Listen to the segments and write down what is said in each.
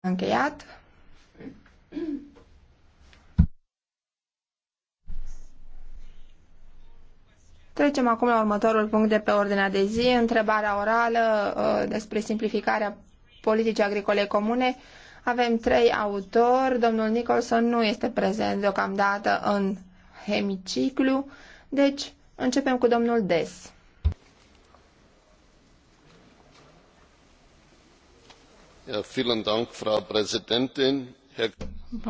încheiat. Trecem acum la următorul punct de pe ordinea de zi, întrebarea orală uh, despre simplificarea politicii agricole comune. Avem trei autori, domnul Nicholson nu este prezent deocamdată în hemiciclu, deci începem cu domnul Des.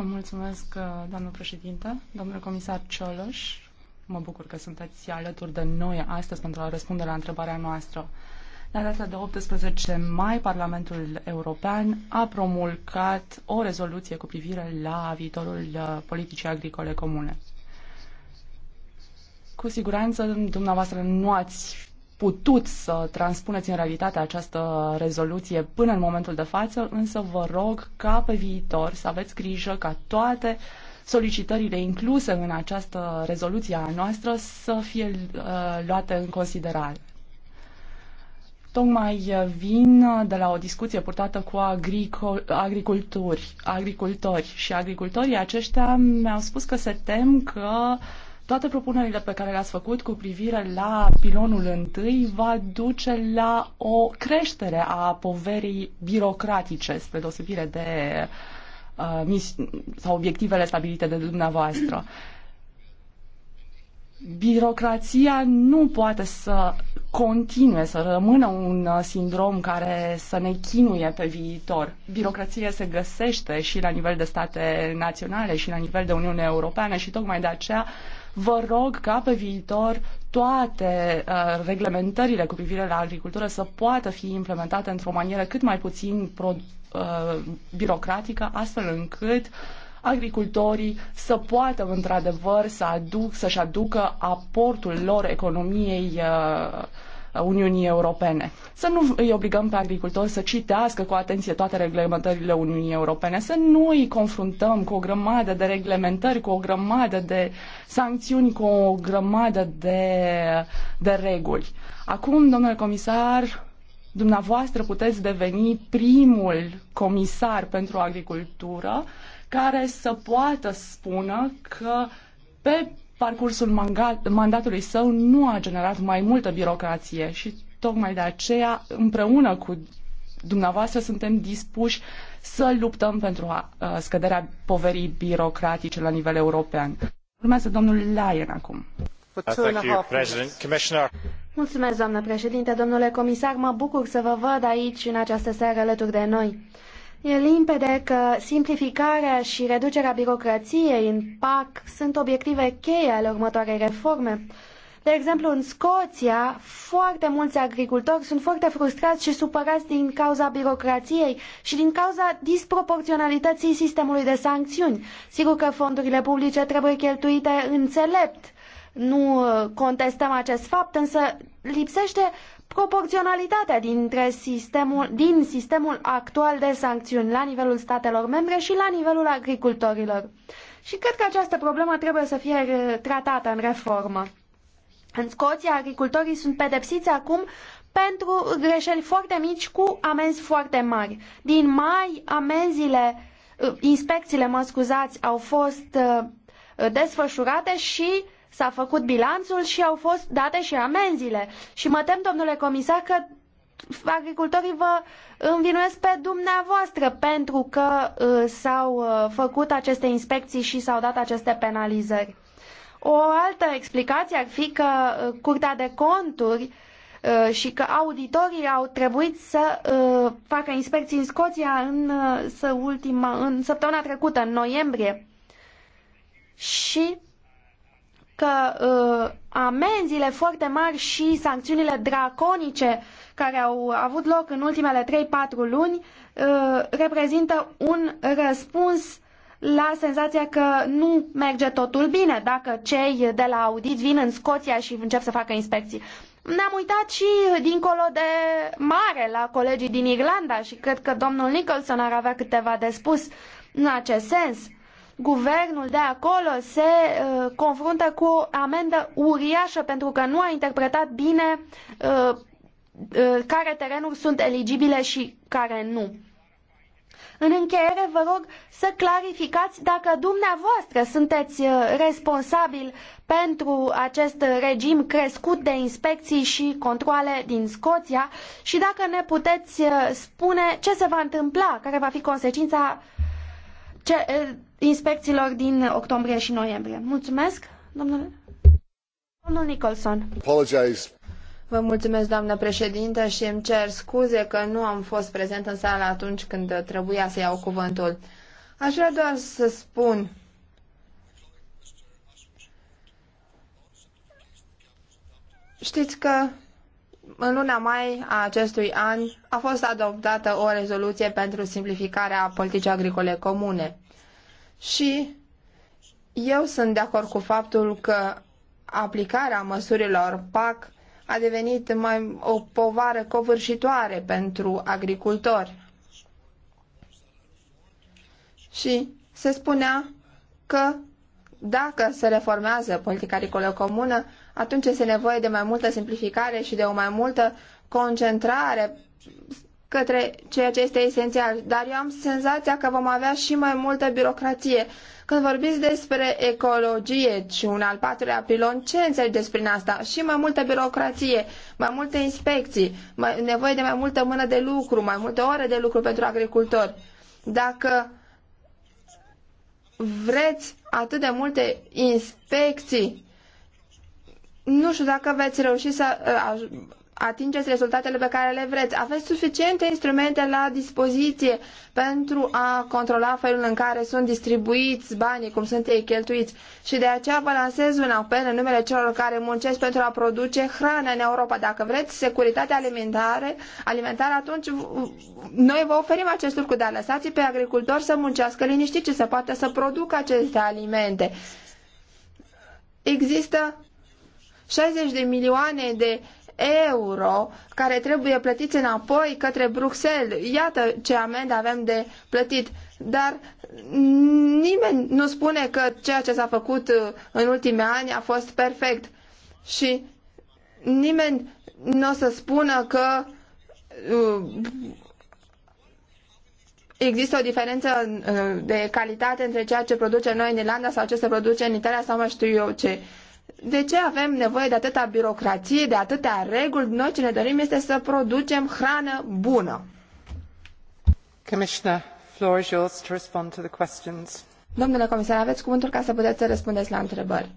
mulțumesc, uh, doamnă președinte, domnule comisar Cioloș. Mă bucur că sunteți alături de noi astăzi pentru a răspunde la întrebarea noastră. La data de 18 mai, Parlamentul European a promulgat o rezoluție cu privire la viitorul uh, politicii agricole comune. Cu siguranță, dumneavoastră nu ați putut să transpuneți în realitate această rezoluție până în momentul de față, însă vă rog ca pe viitor să aveți grijă ca toate solicitările incluse în această rezoluție a noastră să fie uh, luate în considerare. Tocmai vin de la o discuție purtată cu agricultori, agricultori și agricultorii aceștia mi-au spus că se tem că uh, toate propunerile pe care le-ați făcut cu privire la pilonul întâi va duce la o creștere a poverii birocratice, spre deosebire de uh, sau obiectivele stabilite de dumneavoastră. Birocrația nu poate să continue, să rămână un uh, sindrom care să ne chinuie pe viitor. Birocrația se găsește și la nivel de state naționale și la nivel de Uniune Europeană și tocmai de aceea uh, Vă rog ca pe viitor toate uh, reglementările cu privire la agricultură să poată fi implementate într-o manieră cât mai puțin pro, uh, birocratică, astfel încât agricultorii să poată într-adevăr să aduc, să-și aducă aportul lor economiei uh, Uh, Uniunii Europene. Să nu îi obligăm pe agricultori să citească cu atenție toate reglementările Uniunii Europene, să nu îi confruntăm cu o grămadă de reglementări, cu o grămadă de sancțiuni, cu o grămadă de, de reguli. Acum, domnule comisar, dumneavoastră puteți deveni primul comisar pentru agricultură care să poată spună că pe parcursul mandatului său nu a generat mai multă birocrație și tocmai de aceea, împreună cu dumneavoastră, suntem dispuși să luptăm pentru a, uh, scăderea poverii birocratice la nivel european. Urmează domnul Lyon acum. Mulțumesc, doamnă președinte, domnule comisar, mă bucur să vă văd aici în această seară alături de noi. E limpede că simplificarea și reducerea birocrației în PAC sunt obiective cheie ale următoarei reforme. De exemplu, în Scoția, foarte mulți agricultori sunt foarte frustrați și supărați din cauza birocrației și din cauza disproporționalității sistemului de sancțiuni. Sigur că fondurile publice trebuie cheltuite înțelept. Nu uh, contestăm acest fapt, însă lipsește proporționalitatea dintre sistemul, din sistemul actual de sancțiuni la nivelul statelor membre și la nivelul agricultorilor. Și cred că această problemă trebuie să fie tratată în reformă. În Scoția, agricultorii sunt pedepsiți acum pentru greșeli foarte mici cu amenzi foarte mari. Din mai, amenzile, uh, inspecțiile, mă scuzați, au fost uh, desfășurate și uh, s-a făcut bilanțul și au fost date și amenziile. Și mă tem, domnule comisar, că agricultorii vă învinuiesc pe dumneavoastră pentru că uh, s-au uh, făcut aceste inspecții și s-au dat aceste penalizări. O altă explicație ar fi că uh, Curtea de Conturi uh, și că auditorii au trebuit să uh, facă inspecții în Scoția în, uh, ultima, în săptămâna trecută, în noiembrie. Și că uh, amenziile foarte mari și sancțiunile draconice care au avut loc în ultimele trei patru luni uh, reprezintă un răspuns la senzația că nu merge totul bine dacă cei de la audit vin în Scoția și încep să facă inspecții. Ne-am uitat și dincolo de mare la colegii din Irlanda și cred că domnul Nicholson ar avea câteva de spus în acest sens. Guvernul de acolo se uh, confruntă cu o amendă uriașă pentru că nu a interpretat bine uh, uh, care terenuri sunt eligibile și care nu. În încheiere, vă rog să clarificați dacă dumneavoastră sunteți uh, responsabil pentru acest regim crescut de inspecții și controle din Scoția și dacă ne puteți uh, spune ce se va întâmpla, care va fi consecința ce, uh, inspecțiilor din octombrie și noiembrie. Mulțumesc, domnule. Domnul Nicholson. Apologize. Vă mulțumesc, doamnă președintă, și îmi cer scuze că nu am fost prezent în sală atunci când trebuia să iau cuvântul. Aș vrea doar să spun Știți că în luna mai a acestui an a fost adoptată o rezoluție pentru simplificarea politicii agricole comune. Și eu sunt de acord cu faptul că aplicarea măsurilor PAC a devenit mai o povară covârșitoare pentru agricultori. Și se spunea că dacă se reformează politica agricolă comună, atunci este nevoie de mai multă simplificare și de o mai multă concentrare către ceea ce este esențial, dar eu am senzația că vom avea și mai multă birocrație. Când vorbiți despre ecologie și un al patrulea pilon, ce înțelegeți prin asta? Și mai multă birocrație, mai multe inspecții, mai, nevoie de mai multă mână de lucru, mai multe ore de lucru pentru agricultori. Dacă vreți atât de multe inspecții, nu știu dacă veți reuși să uh, atingeți rezultatele pe care le vreți. Aveți suficiente instrumente la dispoziție pentru a controla felul în care sunt distribuiți banii, cum sunt ei cheltuiți. Și de aceea vă lansez un apel în numele celor care muncesc pentru a produce hrană în Europa. Dacă vreți securitate alimentare, alimentară, atunci noi vă oferim acest lucru, dar lăsați pe agricultori să muncească liniștit și să poată să producă aceste alimente. Există 60 de milioane de euro care trebuie plătiți înapoi către Bruxelles. Iată ce amendă avem de plătit. Dar nimeni nu spune că ceea ce s-a făcut uh, în ultimii ani a fost perfect. Și nimeni nu o să spună că uh, există o diferență uh, de calitate între ceea ce produce noi în Irlanda sau ce se produce în Italia sau mai știu eu ce de ce avem nevoie de atâta birocrație, de atâtea reguli? Noi ce ne dorim este să producem hrană bună. Commissioner, floor is yours to respond to the questions. Domnule comisar, aveți cuvântul ca să puteți să răspundeți la întrebări.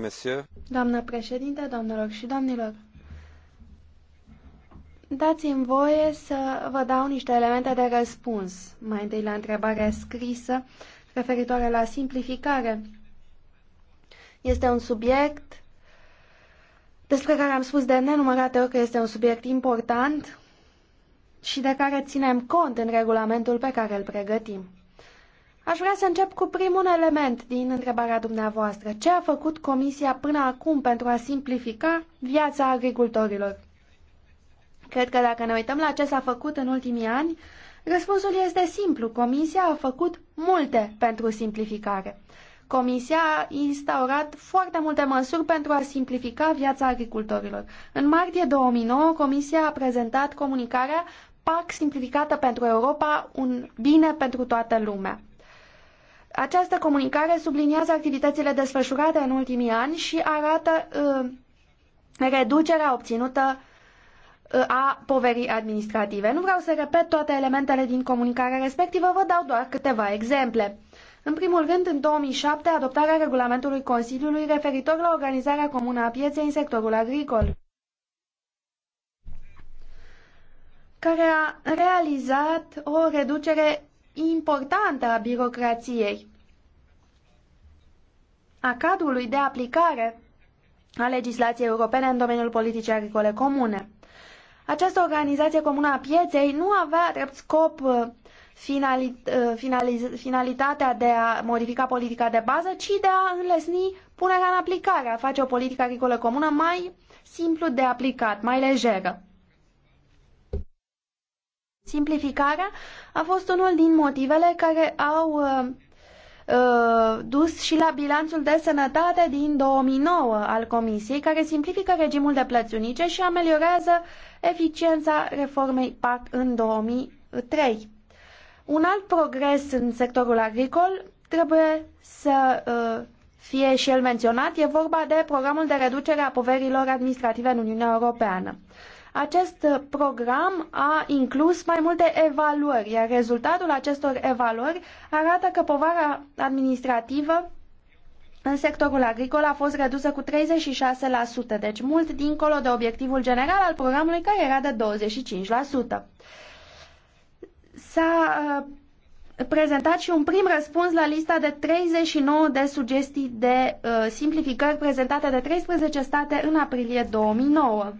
Monsieur. Doamnă președinte, domnilor și domnilor, dați-mi voie să vă dau niște elemente de răspuns. Mai întâi la întrebarea scrisă referitoare la simplificare. Este un subiect despre care am spus de nenumărate ori că este un subiect important și de care ținem cont în regulamentul pe care îl pregătim. Aș vrea să încep cu primul element din întrebarea dumneavoastră. Ce a făcut Comisia până acum pentru a simplifica viața agricultorilor? Cred că dacă ne uităm la ce s-a făcut în ultimii ani, răspunsul este simplu. Comisia a făcut multe pentru simplificare. Comisia a instaurat foarte multe măsuri pentru a simplifica viața agricultorilor. În martie 2009, Comisia a prezentat comunicarea PAC simplificată pentru Europa, un bine pentru toată lumea. Această comunicare subliniază activitățile desfășurate în ultimii ani și arată uh, reducerea obținută uh, a poverii administrative. Nu vreau să repet toate elementele din comunicarea respectivă, vă dau doar câteva exemple. În primul rând, în 2007, adoptarea regulamentului Consiliului referitor la organizarea comună a pieței în sectorul agricol, care a realizat o reducere importantă a birocrației, a cadrului de aplicare a legislației europene în domeniul politicii agricole comune. Această organizație comună a pieței nu avea drept scop uh, Uh, finalitatea de a modifica politica de bază, ci de a înlesni punerea în aplicare, a face o politică agricolă comună mai simplu de aplicat, mai lejeră. Simplificarea a fost unul din motivele care au uh, uh, dus și la bilanțul de sănătate din 2009 al Comisiei, care simplifică regimul de plăți unice și ameliorează eficiența reformei PAC în 2003. Un alt progres în sectorul agricol trebuie să uh, fie și el menționat. E vorba de programul de reducere a poverilor administrative în Uniunea Europeană. Acest uh, program a inclus mai multe evaluări, iar rezultatul acestor evaluări arată că povara administrativă în sectorul agricol a fost redusă cu 36%, deci mult dincolo de obiectivul general al programului care era de 25%. S-a uh, prezentat și un prim răspuns la lista de 39 de sugestii de uh, simplificări prezentate de 13 state în aprilie 2009.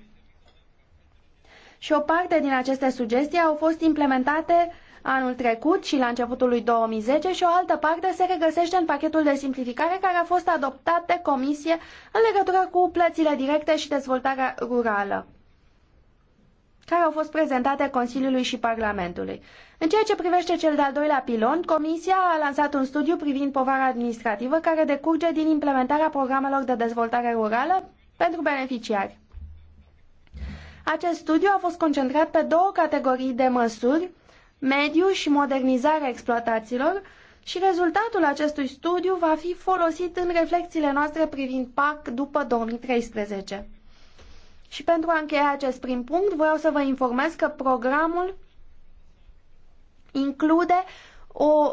Și o parte din aceste sugestii au fost implementate anul trecut și la începutul lui 2010 și o altă parte se regăsește în pachetul de simplificare care a fost adoptat de comisie în legătură cu plățile directe și dezvoltarea rurală care au fost prezentate Consiliului și Parlamentului. În ceea ce privește cel de-al doilea pilon, Comisia a lansat un studiu privind povara administrativă care decurge din implementarea programelor de dezvoltare rurală pentru beneficiari. Acest studiu a fost concentrat pe două categorii de măsuri, mediu și modernizarea exploatațiilor, și rezultatul acestui studiu va fi folosit în reflexiile noastre privind PAC după 2013. Și pentru a încheia acest prim punct, vreau să vă informez că programul include o,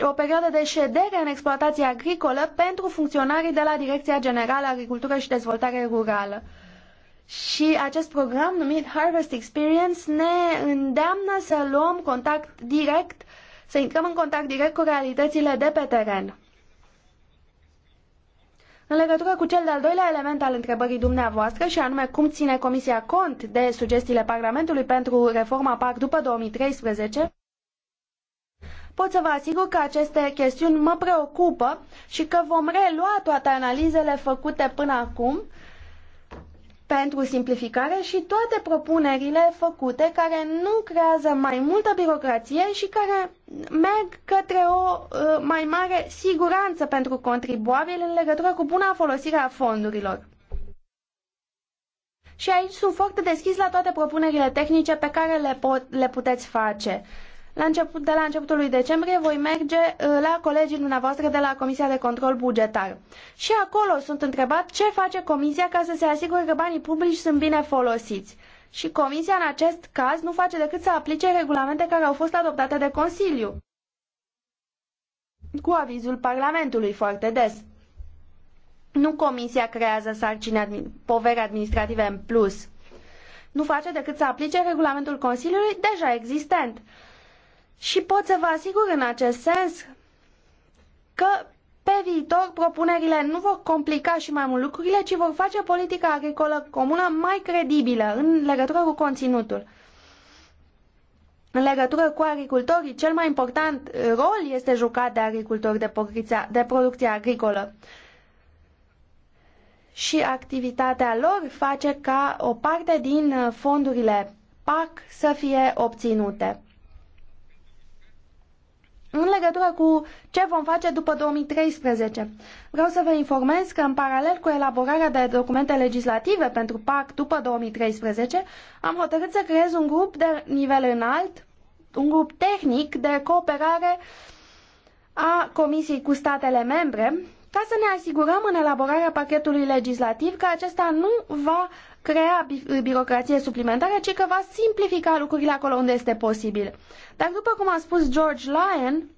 uh, o perioadă de ședere în exploatație agricolă pentru funcționarii de la Direcția Generală Agricultură și Dezvoltare Rurală. Și acest program numit Harvest Experience ne îndeamnă să luăm contact direct, să intrăm în contact direct cu realitățile de pe teren. În legătură cu cel de-al doilea element al întrebării dumneavoastră și anume cum ține Comisia cont de sugestiile Parlamentului pentru reforma PAC după 2013, pot să vă asigur că aceste chestiuni mă preocupă și că vom relua toate analizele făcute până acum pentru simplificare și toate propunerile făcute care nu creează mai multă birocrație și care merg către o ă, mai mare siguranță pentru contribuabil în legătură cu buna folosire a fondurilor. Și aici sunt foarte deschis la toate propunerile tehnice pe care le, pot, le puteți face. La început, de la începutul lui decembrie voi merge ă, la colegii dumneavoastră de la Comisia de Control Bugetar. Și acolo sunt întrebat ce face Comisia ca să se asigure că banii publici sunt bine folosiți și Comisia în acest caz nu face decât să aplice regulamente care au fost adoptate de Consiliu cu avizul Parlamentului foarte des. Nu Comisia creează sarcini admi poveri administrative în plus. Nu face decât să aplice regulamentul Consiliului deja existent. Și pot să vă asigur în acest sens că pe viitor, propunerile nu vor complica și mai mult lucrurile, ci vor face politica agricolă comună mai credibilă în legătură cu conținutul. În legătură cu agricultorii, cel mai important rol este jucat de agricultori de, porcrița, de producție agricolă. Și activitatea lor face ca o parte din fondurile PAC să fie obținute. În legătură cu ce vom face după 2013, vreau să vă informez că în paralel cu elaborarea de documente legislative pentru PAC după 2013, am hotărât să creez un grup de nivel înalt, un grup tehnic de cooperare a Comisiei cu statele membre, ca să ne asigurăm în elaborarea pachetului legislativ că acesta nu va crea birocrație suplimentară, ci că va simplifica lucrurile acolo unde este posibil. Dar după cum a spus George Lyon,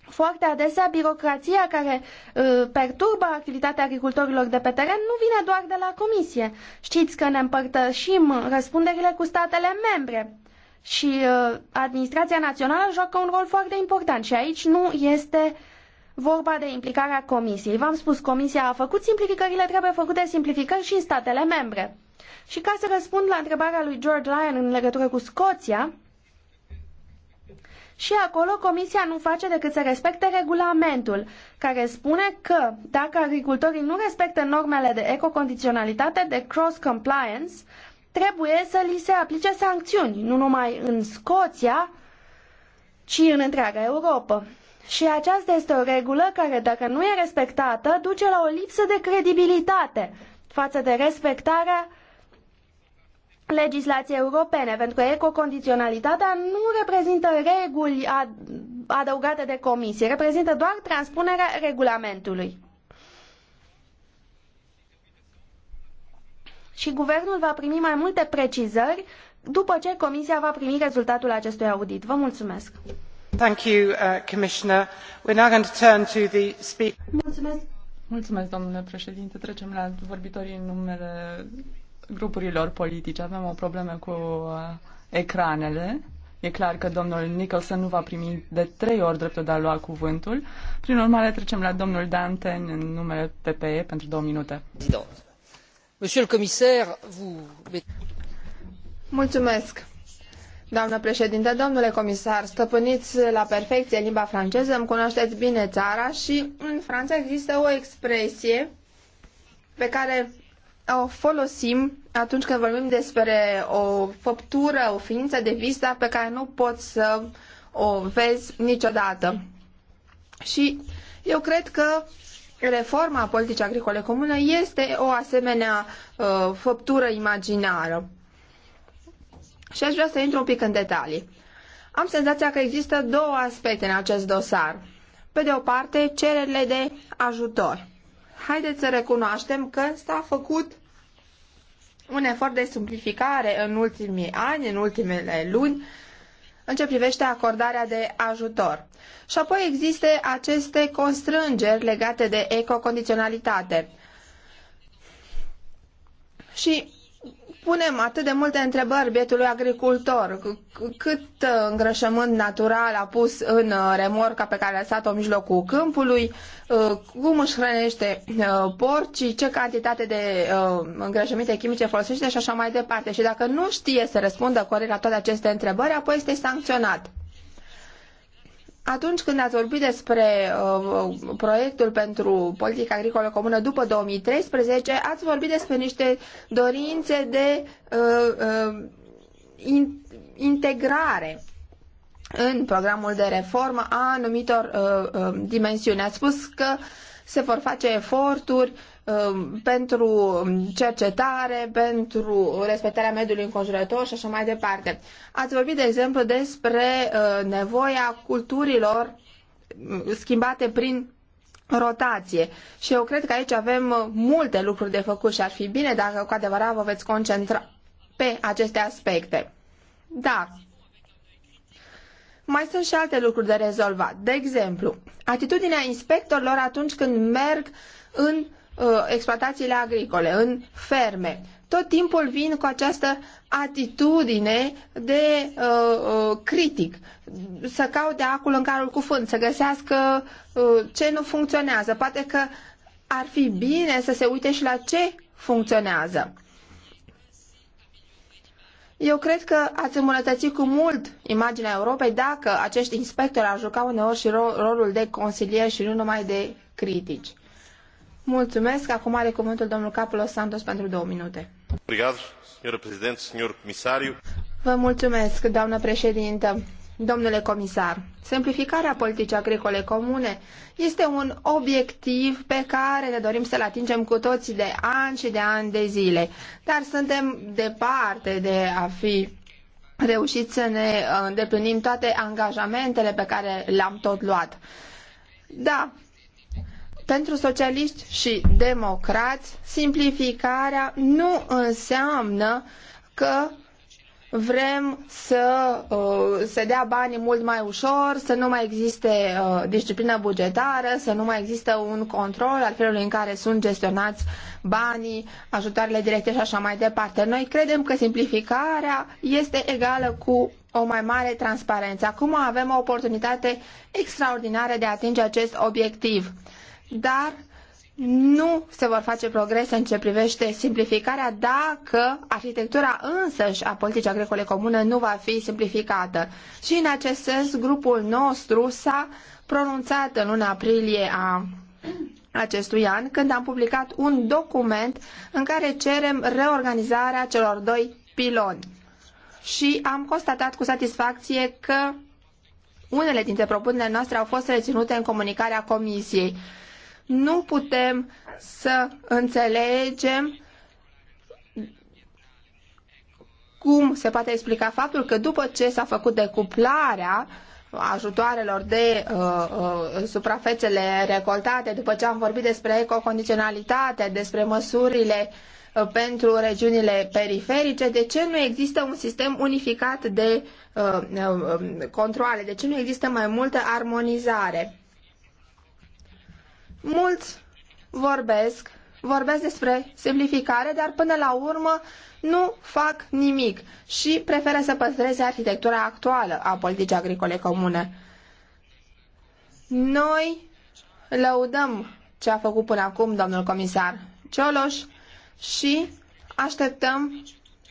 foarte adesea birocrația care uh, perturbă activitatea agricultorilor de pe teren nu vine doar de la comisie. Știți că ne împărtășim răspunderile cu statele membre și uh, administrația națională joacă un rol foarte important și aici nu este uh, vorba de implicarea comisiei. V-am spus, comisia a făcut simplificările, trebuie făcute simplificări și în statele membre. Și ca să răspund la întrebarea lui George Lyon în legătură cu Scoția, și acolo comisia nu face decât să respecte regulamentul, care spune că dacă agricultorii nu respectă normele de ecocondiționalitate, de cross-compliance, trebuie să li se aplice sancțiuni, nu numai în Scoția, ci în întreaga Europa. Și aceasta este o regulă care, dacă nu e respectată, duce la o lipsă de credibilitate față de respectarea legislației europene, pentru că ecocondiționalitatea nu reprezintă reguli adăugate de comisie, reprezintă doar transpunerea regulamentului. Și guvernul va primi mai multe precizări după ce comisia va primi rezultatul acestui audit. Vă mulțumesc! Mulțumesc. Trecem la vorbitorii în numele grupurilor politice. Avem o problemă cu uh, ecranele. E clar că domnul Nicholson nu va primi de trei ori dreptul de a lua cuvântul. Prin urmare, trecem la domnul Danten în numele PPE pentru două minute. Monsieur le commissaire, vous... Mulțumesc. Doamnă președinte, domnule comisar, stăpâniți la perfecție limba franceză, îmi cunoașteți bine țara și în Franța există o expresie pe care o folosim atunci când vorbim despre o făptură, o ființă de vis, dar pe care nu poți să o vezi niciodată. Și eu cred că reforma politicii agricole comune este o asemenea uh, făptură imaginară. Și aș vrea să intru un pic în detalii. Am senzația că există două aspecte în acest dosar. Pe de o parte, cererile de ajutor. Haideți să recunoaștem că s-a făcut un efort de simplificare în ultimii ani, în ultimele luni, în ce privește acordarea de ajutor. Și apoi există aceste constrângeri legate de ecocondiționalitate. Și punem atât de multe întrebări bietului agricultor, cât uh, îngrășământ natural a pus în uh, remorca pe care a lăsat-o în mijlocul câmpului, uh, cum își hrănește porcii, ce cantitate de îngrășăminte chimice folosește și așa mai departe. Și dacă nu știe să răspundă corect la toate aceste întrebări, apoi este sancționat. Atunci când ați vorbit despre uh, proiectul pentru politica agricolă comună după 2013, ați vorbit despre niște dorințe de uh, uh, in, integrare în programul de reformă a anumitor uh, uh, dimensiuni. Ați spus că se vor face eforturi Um, pentru cercetare, pentru respectarea mediului înconjurător și așa mai departe. Ați vorbit, de exemplu, despre uh, nevoia culturilor um, schimbate prin rotație. Și eu cred că aici avem uh, multe lucruri de făcut și ar fi bine dacă cu adevărat vă veți concentra pe aceste aspecte. Da. Mai sunt și alte lucruri de rezolvat. De exemplu, atitudinea inspectorilor atunci când merg în uh, Uh, exploatațiile agricole, în ferme. Tot timpul vin cu această atitudine de uh, uh, critic, să caute acul în carul cu fânt, să găsească uh, ce nu funcționează. Poate că ar fi bine să se uite și la ce funcționează. Eu cred că ați îmbunătățit cu mult imaginea Europei dacă acești inspectori ar juca uneori și rolul de consilier și nu numai de critici. Mulțumesc. Acum are cuvântul domnul Capulos Santos pentru două minute. Vă mulțumesc, doamnă președintă. Domnule comisar, simplificarea politicii agricole comune este un obiectiv pe care ne dorim să-l atingem cu toții de ani și de ani de zile, dar suntem departe de a fi reușit să ne uh, îndeplinim toate angajamentele pe care le-am tot luat. Da, pentru socialiști și democrați, simplificarea nu înseamnă că vrem să uh, se dea banii mult mai ușor, să nu mai existe uh, disciplină bugetară, să nu mai există un control al felului în care sunt gestionați banii, ajutoarele directe și așa mai departe. Noi credem că simplificarea este egală cu o mai mare transparență. Acum avem o oportunitate extraordinară de a atinge acest obiectiv dar nu se vor face progrese în ce privește simplificarea dacă arhitectura însăși a politicii agricole comune nu va fi simplificată. Și în acest sens, grupul nostru s-a pronunțat în luna aprilie a acestui an, când am publicat un document în care cerem reorganizarea celor doi piloni. Și am constatat cu satisfacție că unele dintre propunerile noastre au fost reținute în comunicarea Comisiei nu putem să înțelegem cum se poate explica faptul că după ce s-a făcut decuplarea ajutoarelor de uh, uh, suprafețele recoltate, după ce am vorbit despre ecocondiționalitate, despre măsurile uh, pentru regiunile periferice, de ce nu există un sistem unificat de uh, uh, um, controle, de ce nu există mai multă armonizare. Mulți vorbesc, vorbesc despre simplificare, dar până la urmă nu fac nimic și preferă să păstreze arhitectura actuală a politicii agricole comune. Noi lăudăm ce a făcut până acum domnul comisar Cioloș și așteptăm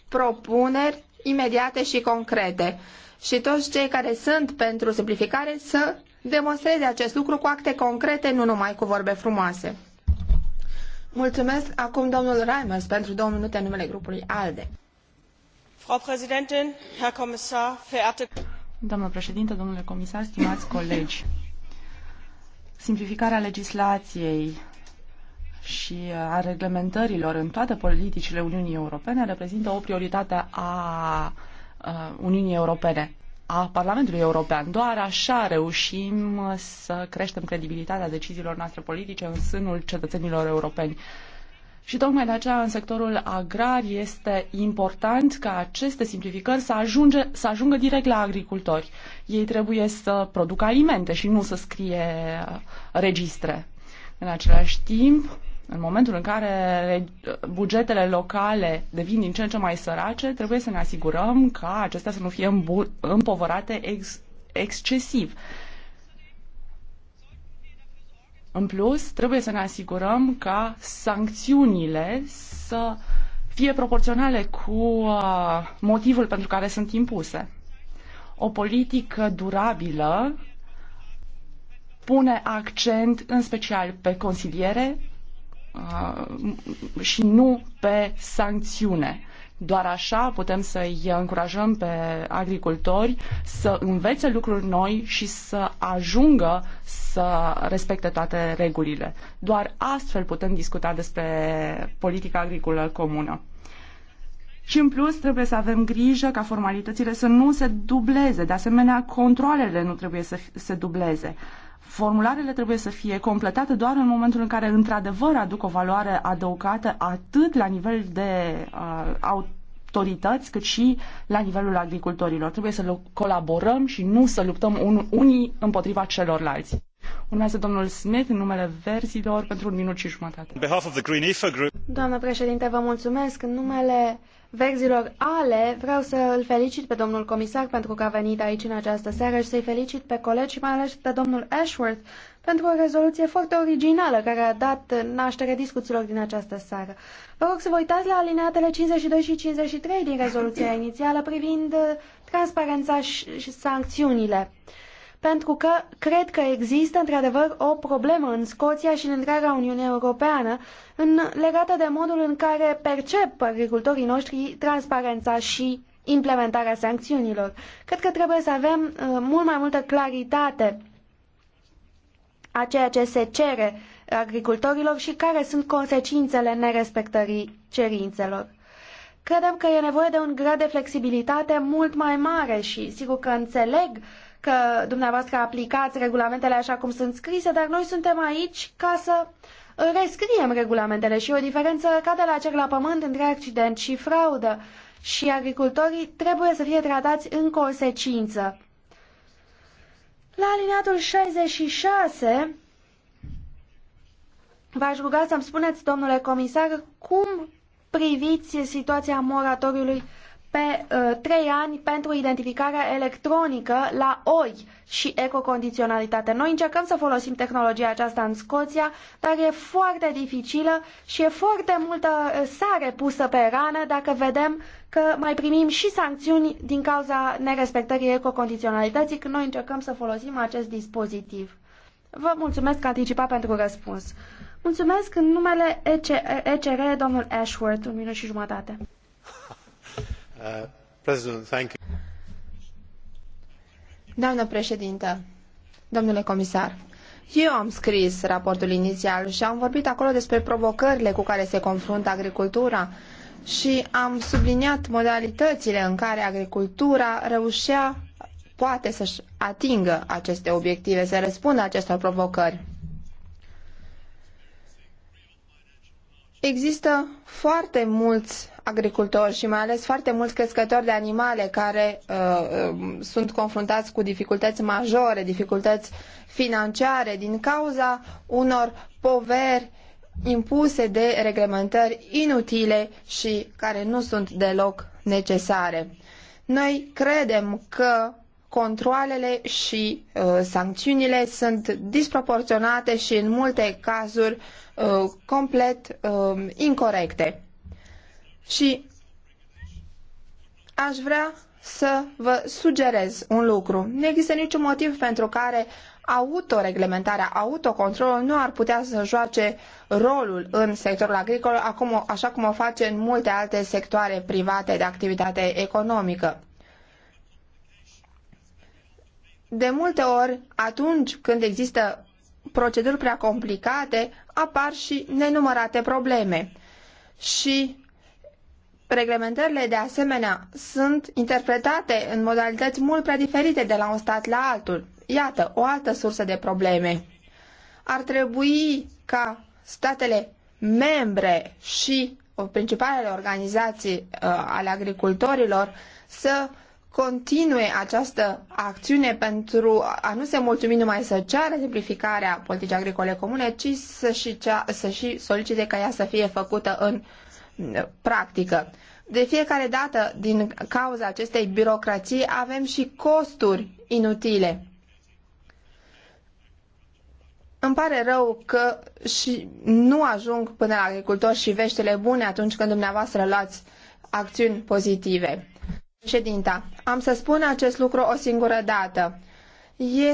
propuneri imediate și concrete și toți cei care sunt pentru simplificare să demonstreze acest lucru cu acte concrete, nu numai cu vorbe frumoase. Mulțumesc acum domnul Reimers pentru două minute în numele grupului ALDE. Frau Präsidentin, Herr Kommissar, verehrte... Doamnă președinte, domnule comisar, stimați colegi, simplificarea legislației și a reglementărilor în toate politicile Uniunii Europene reprezintă o prioritate a Uniunii Europene a Parlamentului European. Doar așa reușim să creștem credibilitatea deciziilor noastre politice în sânul cetățenilor europeni. Și tocmai de aceea în sectorul agrar este important ca aceste simplificări să, ajunge, să ajungă direct la agricultori. Ei trebuie să producă alimente și nu să scrie registre. În același timp, în momentul în care eh, bugetele locale devin din ce în ce mai sărace, trebuie să ne asigurăm ca acestea să nu fie împovărate ex- excesiv. În plus, trebuie să ne asigurăm ca sancțiunile să fie proporționale cu eh, motivul pentru care sunt impuse. O politică durabilă pune accent în special pe consiliere, Uh, și nu pe sancțiune. Doar așa putem să-i încurajăm pe agricultori să învețe lucruri noi și să ajungă să respecte toate regulile. Doar astfel putem discuta despre politica agricolă comună. Și în plus trebuie să avem grijă ca formalitățile să nu se dubleze. De asemenea, controlele nu trebuie să se dubleze. Uh, Formularele trebuie să fie completate doar în momentul în care într-adevăr aduc o valoare adăugată atât la nivel de uh, autorități cât și la nivelul agricultorilor. Trebuie să colaborăm și nu să luptăm un, unii împotriva celorlalți. Urmează domnul Smith în numele verzilor pentru un minut și jumătate. Doamnă președinte, vă mulțumesc. În numele verzilor ale vreau să îl felicit pe domnul comisar pentru că a venit aici în această seară și să-i felicit pe colegi și mai ales pe domnul Ashworth pentru o rezoluție foarte originală care a dat naștere discuțiilor din această seară. Vă rog să vă uitați la alineatele 52 și 53 din rezoluția inițială privind transparența și sancțiunile pentru că cred că există într-adevăr o problemă în Scoția și în întreaga Uniune Europeană în, legată de modul în care percep agricultorii noștri transparența și implementarea sancțiunilor. Cred că trebuie să avem uh, mult mai multă claritate a ceea ce se cere agricultorilor și care sunt consecințele nerespectării cerințelor. Credem că e nevoie de un grad de flexibilitate mult mai mare și sigur că înțeleg uh, că dumneavoastră aplicați regulamentele așa cum sunt scrise, dar noi suntem aici ca să rescriem regulamentele și o diferență ca de la cer la pământ între accident și fraudă și agricultorii trebuie să fie tratați în consecință. La alineatul 66 v-aș ruga să-mi spuneți, domnule comisar, cum priviți situația moratoriului pe uh, trei ani pentru identificarea electronică la OI și ecocondiționalitate. Noi încercăm să folosim tehnologia aceasta în Scoția, dar e foarte dificilă și e foarte multă uh, sare pusă pe rană dacă vedem că mai primim și sancțiuni din cauza nerespectării ecocondiționalității când noi încercăm să folosim acest dispozitiv. Vă mulțumesc anticipat pentru răspuns. Mulțumesc în numele ECR, domnul Ashworth, un minut și jumătate. Uh, Doamnă președintă, domnule comisar, eu am scris raportul inițial și am vorbit acolo despre provocările cu care se confruntă agricultura și am subliniat modalitățile în care agricultura reușea poate să-și atingă aceste obiective, să răspundă acestor provocări. Există foarte mulți agricultori și mai ales foarte mulți crescători de animale care uh, uh, sunt confruntați cu dificultăți majore, dificultăți financiare din cauza unor poveri impuse de reglementări inutile și care nu sunt deloc necesare. Noi credem că controalele și uh, sancțiunile sunt disproporționate și în multe cazuri uh, complet uh, incorrecte. Și aș vrea să vă sugerez un lucru. Nu există niciun motiv pentru care autoreglementarea, autocontrolul nu ar putea să joace rolul în sectorul agricol, acum, așa cum o face în multe alte sectoare private de activitate economică de multe ori, atunci când există proceduri prea complicate, apar și nenumărate probleme. Și reglementările de asemenea sunt interpretate în modalități mult prea diferite de la un stat la altul. Iată, o altă sursă de probleme. Ar trebui ca statele membre și principalele organizații uh, ale agricultorilor să continue această acțiune pentru a nu se mulțumi numai să ceară simplificarea politicii agricole comune, ci să și, cea, să și solicite ca ea să fie făcută în practică. De fiecare dată, din cauza acestei birocrații, avem și costuri inutile. Îmi pare rău că și nu ajung până la agricultori și veștile bune atunci când dumneavoastră luați acțiuni pozitive. Președinta, am să spun acest lucru o singură dată.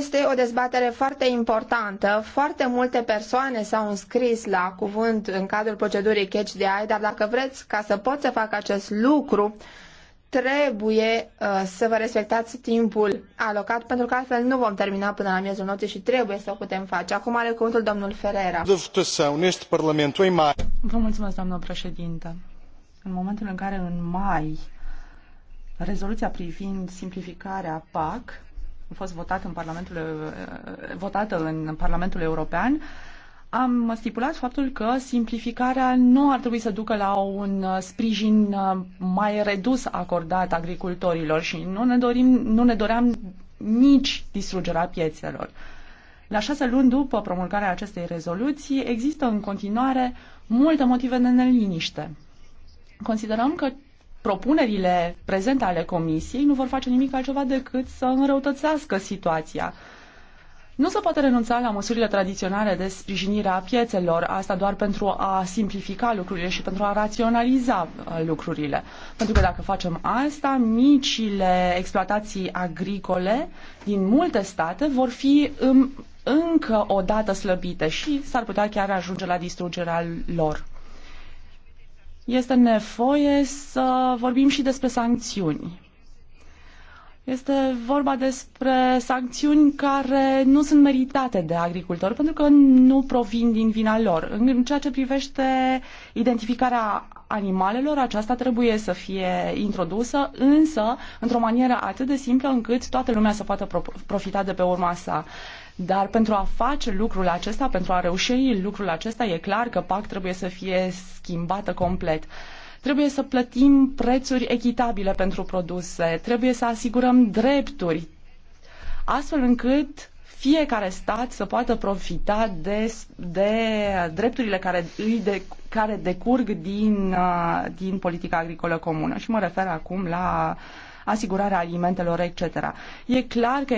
Este o dezbatere foarte importantă. Foarte multe persoane s-au înscris la cuvânt în cadrul procedurii Catch de AI, dar dacă vreți ca să pot să fac acest lucru, trebuie uh, să vă respectați timpul alocat, pentru că altfel nu vom termina până la miezul nopții și trebuie să o putem face. Acum are cuvântul domnul Ferreira. Vă mulțumesc, doamnă președintă. În momentul în care în mai Rezoluția privind simplificarea PAC a fost votată în Parlamentul, eh, votată în Parlamentul European. Am stipulat faptul că simplificarea nu ar trebui să ducă la un eh, sprijin eh, mai redus acordat agricultorilor și nu ne, dorim, nu ne doream nici distrugerea piețelor. La șase luni după promulgarea acestei rezoluții există în continuare multe motive de neliniște. Considerăm că propunerile prezente ale Comisiei nu vor face nimic altceva decât să înrăutățească situația. Nu se poate renunța la măsurile tradiționale de sprijinire a piețelor, asta doar pentru a simplifica lucrurile și pentru a raționaliza uh, lucrurile. Pentru că dacă facem asta, micile exploatații agricole din multe state vor fi um, încă o dată slăbite și s-ar putea chiar ajunge la distrugerea lor este nevoie să vorbim și despre sancțiuni. Este vorba despre sancțiuni care nu sunt meritate de agricultori pentru că nu provin din vina lor. În ceea ce privește identificarea animalelor, aceasta trebuie să fie introdusă, însă într-o manieră atât de simplă încât toată lumea să poată profita de pe urma sa. Dar pentru a face lucrul acesta, pentru a reuși lucrul acesta, e clar că PAC trebuie să fie schimbată complet. Trebuie să plătim prețuri echitabile pentru produse, trebuie să asigurăm drepturi, astfel încât fiecare stat să poată profita de, de drepturile care, îi de, care decurg din, uh, din politica agricolă comună. Și mă refer acum la uh, asigurarea alimentelor, etc. E clar că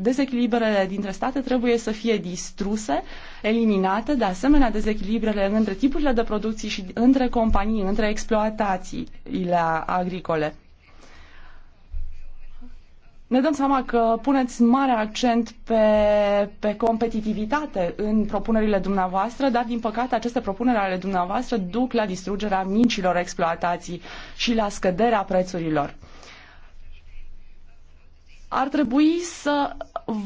dezechilibrele dintre state trebuie să fie distruse, eliminate, de asemenea dezechilibrele între tipurile de producții și între companii, între exploatațiile agricole. Ne dăm seama că puneți mare accent pe, pe competitivitate în propunerile dumneavoastră, dar din păcate aceste propuneri ale dumneavoastră duc la distrugerea micilor exploatații și la scăderea prețurilor ar trebui să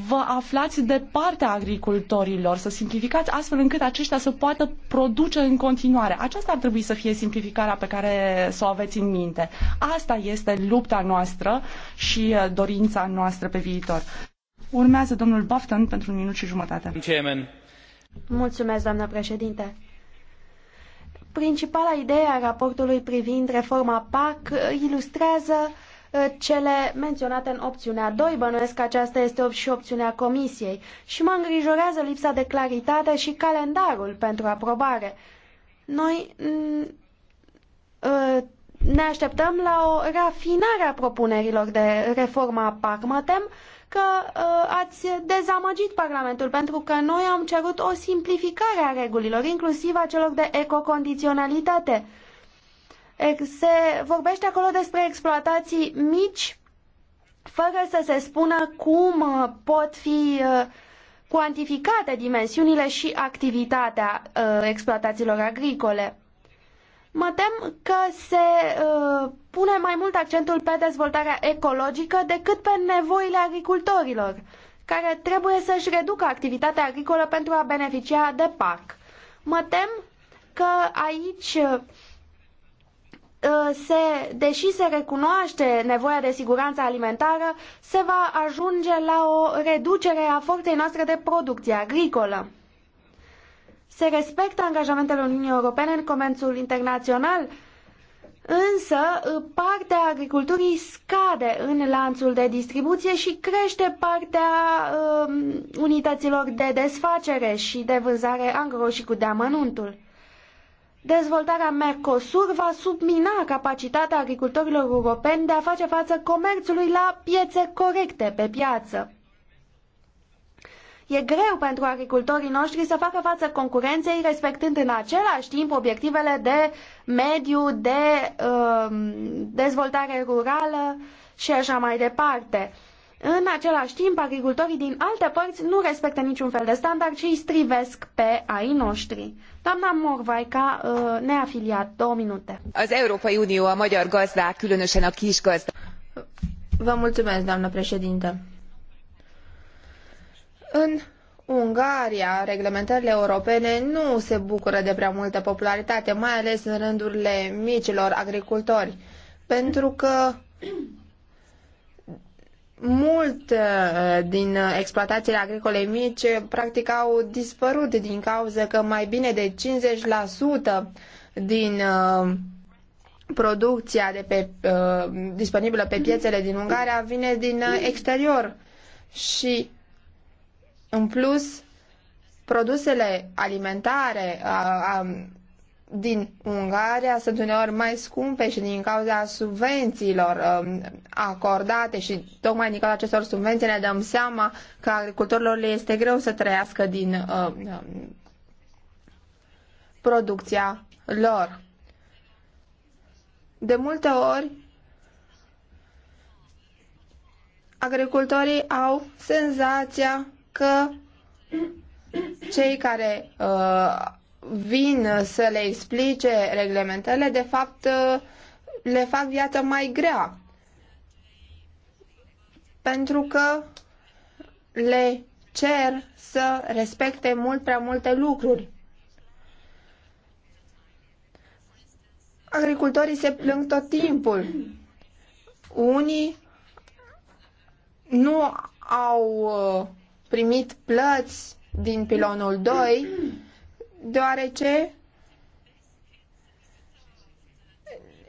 vă aflați de partea agricultorilor, să simplificați astfel încât aceștia să poată produce în continuare. Aceasta ar trebui să fie simplificarea pe care să o aveți în minte. Asta este lupta noastră și uh, dorința noastră pe viitor. Urmează domnul Bafton pentru un minut și jumătate. Chairman. Mulțumesc, doamnă președinte. Principala idee a raportului privind reforma PAC uh, ilustrează uh, Uh, cele menționate în opțiunea 2. Bănuiesc că aceasta este și opțiunea Comisiei și mă îngrijorează lipsa de claritate și calendarul pentru aprobare. Noi mm, uh, ne așteptăm la o rafinare a propunerilor de reforma PAC. Mă tem că uh, ați dezamăgit Parlamentul pentru că noi am cerut o simplificare a regulilor, inclusiv a celor de ecocondiționalitate. Uh, se vorbește acolo despre exploatații mici, fără să se spună cum uh, pot fi uh, cuantificate dimensiunile și activitatea uh, exploatațiilor agricole. Mă tem că se pune mai mult accentul pe dezvoltarea ecologică decât pe nevoile agricultorilor, care trebuie să-și reducă activitatea agricolă pentru a beneficia de PAC. Mă tem că aici Uh, se, deși se recunoaște nevoia de siguranță alimentară, se va ajunge la o reducere a forței noastre de producție agricolă. Se respectă angajamentele Uniunii Europene în comerțul internațional, însă uh, partea agriculturii scade în lanțul de distribuție și crește partea um, unităților de desfacere și de vânzare angro și cu deamănuntul. Dezvoltarea Mercosur va submina capacitatea agricultorilor europeni de a face față comerțului la piețe corecte pe piață. E greu pentru agricultorii noștri să facă față concurenței respectând în același timp obiectivele de mediu, de uh, dezvoltare rurală și așa mai departe. În același timp, agricultorii din alte părți nu respectă niciun fel de standard și îi strivesc pe ai noștri. Doamna Morvai, uh, neafiliat, două minute. Az Európai Unió a magyar gazdák, különösen a kis gazdák. Vă mulțumesc, doamnă președinte. În Ungaria, reglementările europene nu se bucură de prea multă popularitate, mai ales în rândurile micilor agricultori, pentru că mult uh, din exploatațiile agricole mici practic au dispărut din cauza că mai bine de 50% din uh, producția de pe, uh, disponibilă pe piețele din Ungaria vine din exterior și în plus produsele alimentare a, a din Ungaria sunt uneori mai scumpe și din cauza subvențiilor um, acordate și tocmai din cauza acestor subvenții ne dăm seama că agricultorilor le este greu să trăiască din um, um, producția lor. De multe ori, agricultorii au senzația că cei care uh, vin să le explice reglementele, de fapt le fac viața mai grea. Pentru că le cer să respecte mult prea multe lucruri. Agricultorii se plâng tot timpul. Unii nu au uh, primit plăți din pilonul 2 deoarece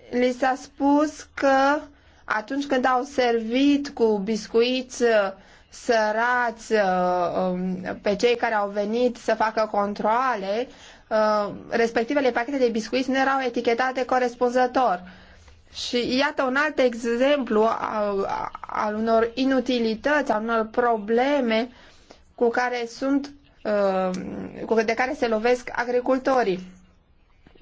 li s-a spus că atunci când au servit cu biscuiți uh, sărați uh, um, pe cei care au venit să facă controle, uh, respectivele pachete de biscuiți nu erau etichetate corespunzător. Și iată un alt exemplu al unor inutilități, al unor probleme cu care sunt Uh, de care se lovesc agricultorii.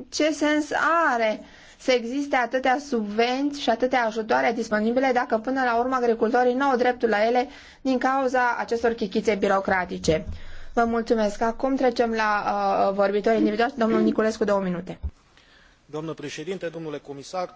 Ce sens are să existe atâtea subvenții și atâtea ajutoare disponibile dacă până la urmă agricultorii nu au dreptul la ele din cauza acestor chichițe birocratice? Vă mulțumesc. Acum trecem la uh, vorbitorii individuali. Domnul Niculescu, două minute. Domnul președinte, domnule comisar,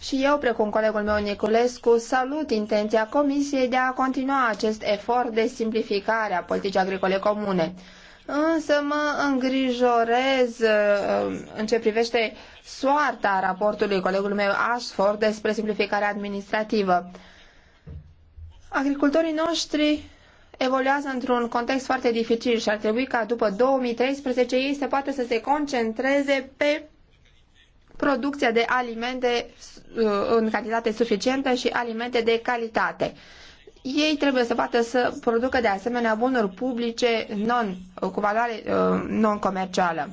și eu, precum colegul meu Niculescu, salut intenția Comisiei de a continua acest efort de simplificare a politicii agricole comune. Însă mă îngrijorez uh, în ce privește soarta raportului colegului meu Ashford despre simplificarea administrativă. Agricultorii noștri evoluează într-un context foarte dificil și ar trebui ca după 2013 ei să poată să se concentreze pe Producția de alimente uh, în cantitate suficientă și alimente de calitate. Ei trebuie să poată să producă de asemenea bunuri publice non, uh, cu valoare uh, non-comercială.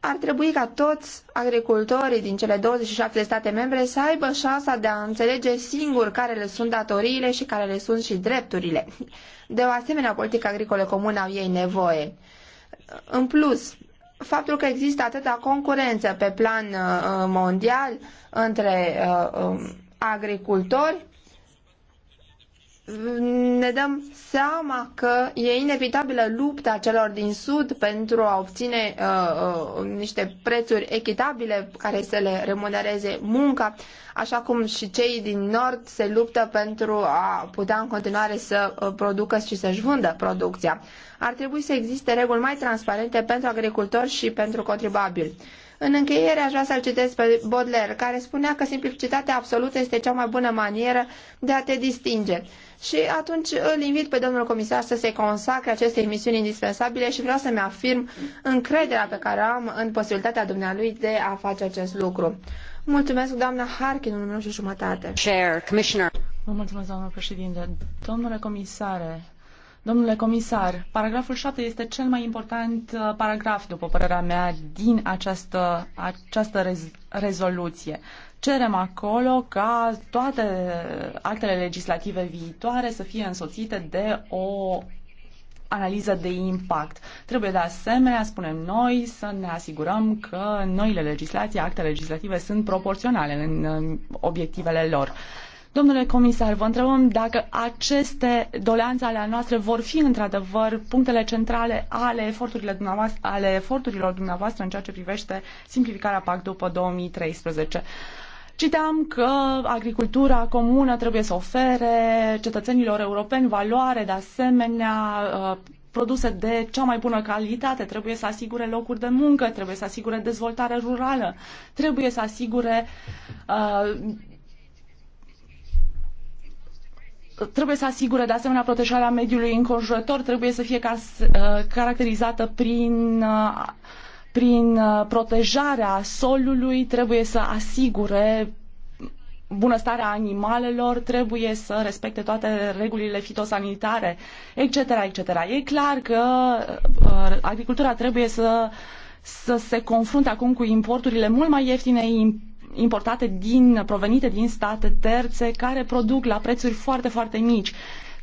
Ar trebui ca toți agricultorii din cele 27 de state membre să aibă șansa de a înțelege singur care le sunt datoriile și care le sunt și drepturile. De o asemenea politică agricolă comună au ei nevoie. În plus, faptul că există atâta concurență pe plan uh, mondial între uh, um, agricultori ne dăm seama că e inevitabilă lupta celor din Sud pentru a obține uh, uh, niște prețuri echitabile care să le remunereze munca, așa cum și cei din Nord se luptă pentru a putea în continuare să uh, producă și să-și vândă producția. Ar trebui să existe reguli mai transparente pentru agricultori și pentru contribuabili. În încheiere aș vrea să-l citesc pe Baudelaire, care spunea că simplicitatea absolută este cea mai bună manieră de a te distinge. Și atunci îl invit pe domnul comisar să se consacre acestei misiuni indispensabile și vreau să-mi afirm încrederea pe care am în posibilitatea dumnealui de a face acest lucru. Mulțumesc, doamna Harkin, un minut și jumătate. Chair, Commissioner. Vă mulțumesc, doamnă președinte. Domnule comisare, Domnule comisar, paragraful 7 este cel mai important uh, paragraf, după părerea mea, din această, această rez- rezoluție. Cerem acolo ca toate actele legislative viitoare să fie însoțite de o analiză de impact. Trebuie de asemenea, spunem noi, să ne asigurăm că noile legislații, actele legislative sunt proporționale în obiectivele lor. Domnule comisar, vă întrebăm dacă aceste doleanțe ale noastre vor fi într-adevăr punctele centrale ale, eforturile dumneavoastră, ale eforturilor dumneavoastră în ceea ce privește simplificarea PAC după 2013. Citeam că agricultura comună trebuie să ofere cetățenilor europeni valoare, de asemenea uh, produse de cea mai bună calitate, trebuie să asigure locuri de muncă, trebuie să asigure dezvoltare rurală, trebuie să asigure uh, trebuie să asigure de asemenea protejarea mediului înconjurător, trebuie să fie uh, caracterizată prin, uh, prin uh, protejarea solului, trebuie să asigure bunăstarea animalelor, trebuie să respecte toate regulile fitosanitare, etc., etc. E clar că agricultura trebuie să, să se confrunte acum cu importurile mult mai ieftine, importate din, provenite din state terțe care produc la prețuri foarte, foarte mici.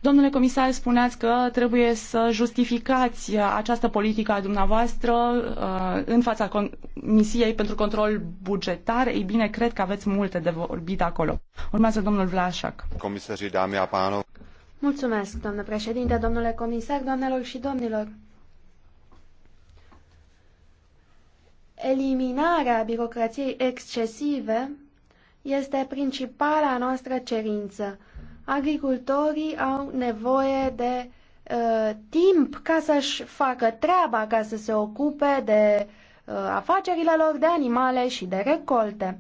Domnule comisar, spuneați că trebuie să justificați această politică a dumneavoastră uh, în fața Comisiei pentru Control Bugetar. Ei bine, cred că aveți multe de vorbit acolo. Urmează domnul Vlașac. Comisarii, dame, Panu. Mulțumesc, domnule președinte, domnule comisar, doamnelor și domnilor. Eliminarea birocrației excesive este principala noastră cerință. Agricultorii au nevoie de uh, timp ca să-și facă treaba, ca să se ocupe de uh, afacerile lor, de animale și de recolte.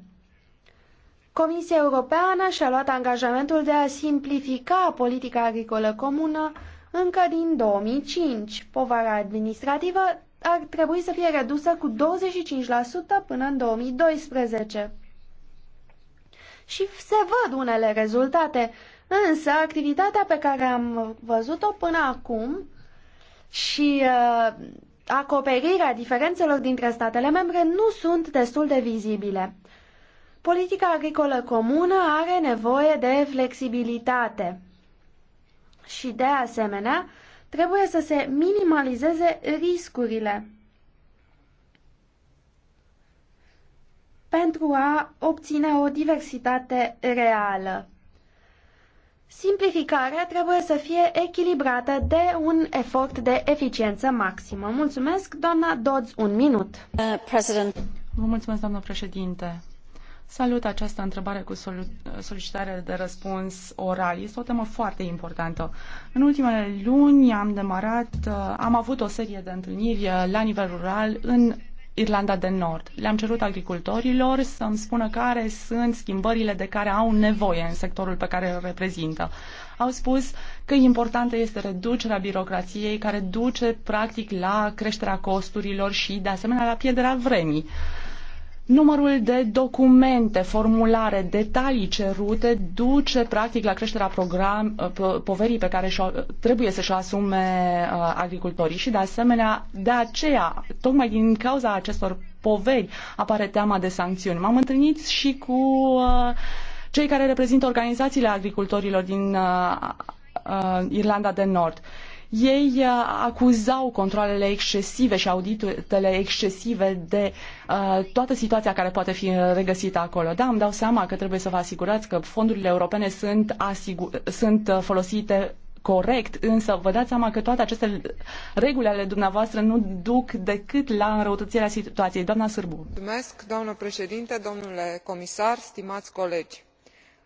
Comisia Europeană și-a luat angajamentul de a simplifica politica agricolă comună încă din 2005. Povara administrativă ar trebui să fie redusă cu 25% până în 2012. Și se văd unele rezultate, însă activitatea pe care am văzut-o până acum și uh, acoperirea diferențelor dintre statele membre nu sunt destul de vizibile. Politica agricolă comună are nevoie de flexibilitate și, de asemenea, Trebuie să se minimalizeze riscurile pentru a obține o diversitate reală. Simplificarea trebuie să fie echilibrată de un efort de eficiență maximă. Mulțumesc, doamna Dodds, un minut. Uh, Vă mulțumesc, doamnă președinte. Salut această întrebare cu solicitare de răspuns oral. Este o temă foarte importantă. În ultimele luni am demarat, uh, am avut o serie de întâlniri uh, la nivel rural în Irlanda de Nord. Le-am cerut agricultorilor să-mi spună care sunt schimbările de care au nevoie în sectorul pe care îl reprezintă. Au spus că importantă este reducerea birocrației care duce practic la creșterea costurilor și de asemenea la pierderea vremii. Uh, Numărul de documente, formulare, detalii cerute duce practic la creșterea program, uh, poverii pe care trebuie să-și asume uh, agricultorii și de asemenea, de aceea, tocmai din cauza acestor poveri apare teama de sancțiuni. M-am întâlnit și cu uh, cei care reprezintă organizațiile agricultorilor din Irlanda de Nord. Ei uh, acuzau controlele excesive și auditele excesive de uh, toată situația care poate fi uh, regăsită acolo. Da, îmi dau seama că trebuie să vă asigurați că fondurile europene sunt, asigur, sunt uh, folosite corect, însă vă dați seama că toate aceste reguli ale dumneavoastră nu duc decât la înrăutățirea situației. Doamna Sârbu. Mulțumesc, doamnă președinte, domnule comisar, stimați colegi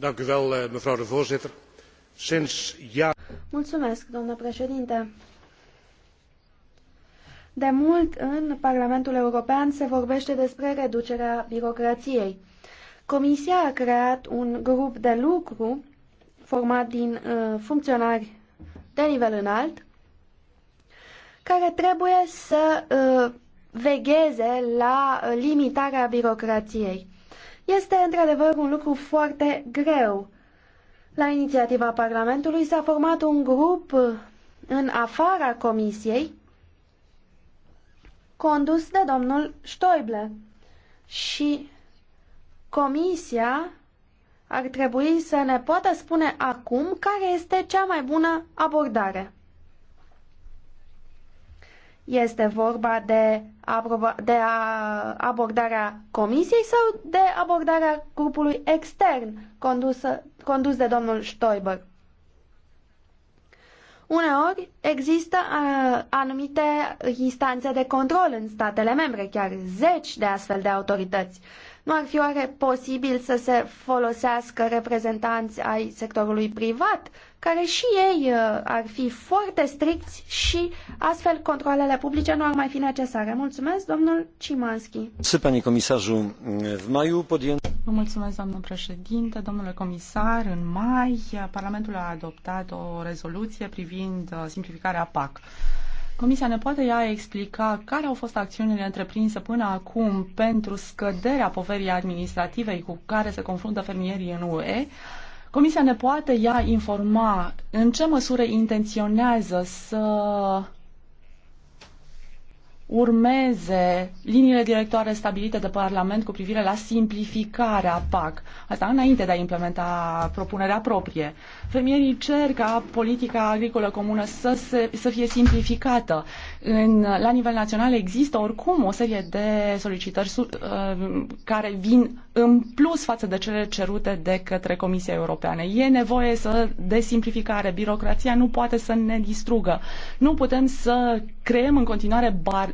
Eh, Mulțumesc, doamnă președinte. De mult în Parlamentul European se vorbește despre reducerea birocrației. Comisia a creat un grup de lucru format din uh, funcționari de nivel înalt care trebuie să uh, vegheze la limitarea birocrației. Este într-adevăr un lucru foarte greu. La inițiativa Parlamentului s-a format un grup în afara Comisiei condus de domnul Stoible și Comisia ar trebui să ne poată spune acum care este cea mai bună abordare. Este vorba de, de a, abordarea comisiei sau de abordarea grupului extern condusă, condus de domnul Stoiber? Uneori există uh, anumite instanțe de control în statele membre, chiar zeci de astfel de autorități. Nu ar fi oare posibil să se folosească reprezentanți ai sectorului privat, care și ei uh, ar fi foarte stricți și astfel controlele publice nu ar mai fi necesare? Mulțumesc, domnul Cimanski. comisarul, în maiu podien... Vă mulțumesc, doamnă președinte, domnule comisar. În mai, Parlamentul a adoptat o rezoluție privind uh, simplificarea PAC. Comisia ne poate ea explica care au fost acțiunile întreprinse până acum pentru scăderea poverii administrativei cu care se confruntă fermierii în UE? Comisia ne poate ea informa în ce măsură intenționează să urmeze liniile directoare stabilite de Parlament cu privire la simplificarea PAC. Asta înainte de a implementa propunerea proprie. Fermierii cer ca politica agricolă comună să, se, să fie simplificată. În, la nivel național există oricum o serie de solicitări su, uh, care vin în plus față de cele cerute de către Comisia Europeană. E nevoie să, de simplificare. Birocrația nu poate să ne distrugă. Nu putem să creăm în continuare bar,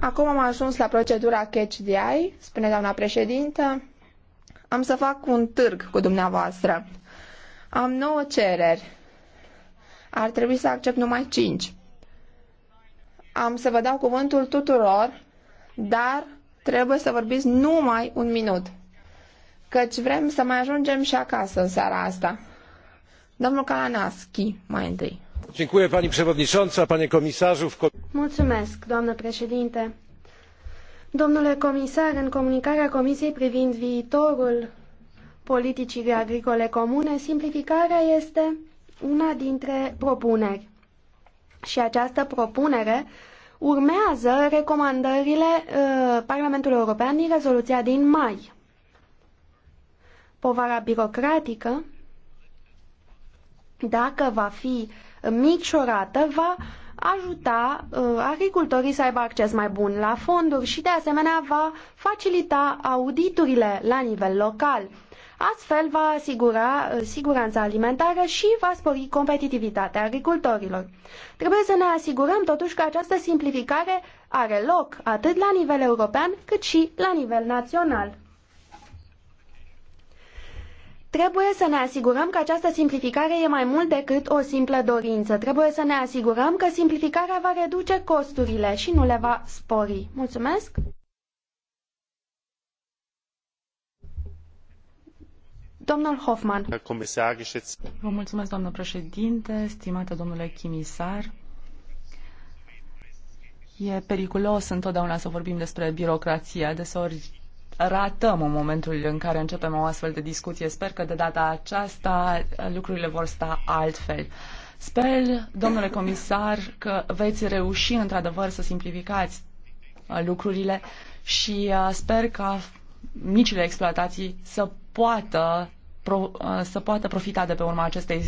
Acum am ajuns la procedura catch the eye, spune doamna președintă. Am să fac un târg cu dumneavoastră. Am nouă cereri. Ar trebui să accept numai cinci. Am să vă dau cuvântul tuturor, dar trebuie să vorbiți numai un minut. Căci vrem să mai ajungem și acasă în seara asta. Domnul Kalanaschi, mai întâi. Mulțumesc, doamnă președinte. Domnule comisar, în comunicarea Comisiei privind viitorul politicii agricole comune, simplificarea este una dintre propuneri. Și această propunere urmează recomandările ă, Parlamentului European din rezoluția din mai. Povara birocratică, dacă va fi micșorată va ajuta uh, agricultorii să aibă acces mai bun la fonduri și de asemenea va facilita auditurile la nivel local. Astfel va asigura uh, siguranța alimentară și va spori competitivitatea agricultorilor. Trebuie să ne asigurăm totuși că această simplificare are loc atât la nivel european cât și la nivel național. Trebuie să ne asigurăm că această simplificare e mai mult decât o simplă dorință. Trebuie să ne asigurăm că simplificarea va reduce costurile și nu le va spori. Mulțumesc! Domnul Hoffman. Vă mulțumesc, doamnă președinte, stimată domnule chimisar. E periculos întotdeauna să vorbim despre birocrație. Adeseori ratăm în momentul în care începem o astfel de discuție. Sper că de data aceasta lucrurile vor sta altfel. Sper, domnule comisar, că veți reuși într-adevăr să simplificați uh, lucrurile și uh, sper ca micile exploatații să poată uh, să poată profita de pe urma acestei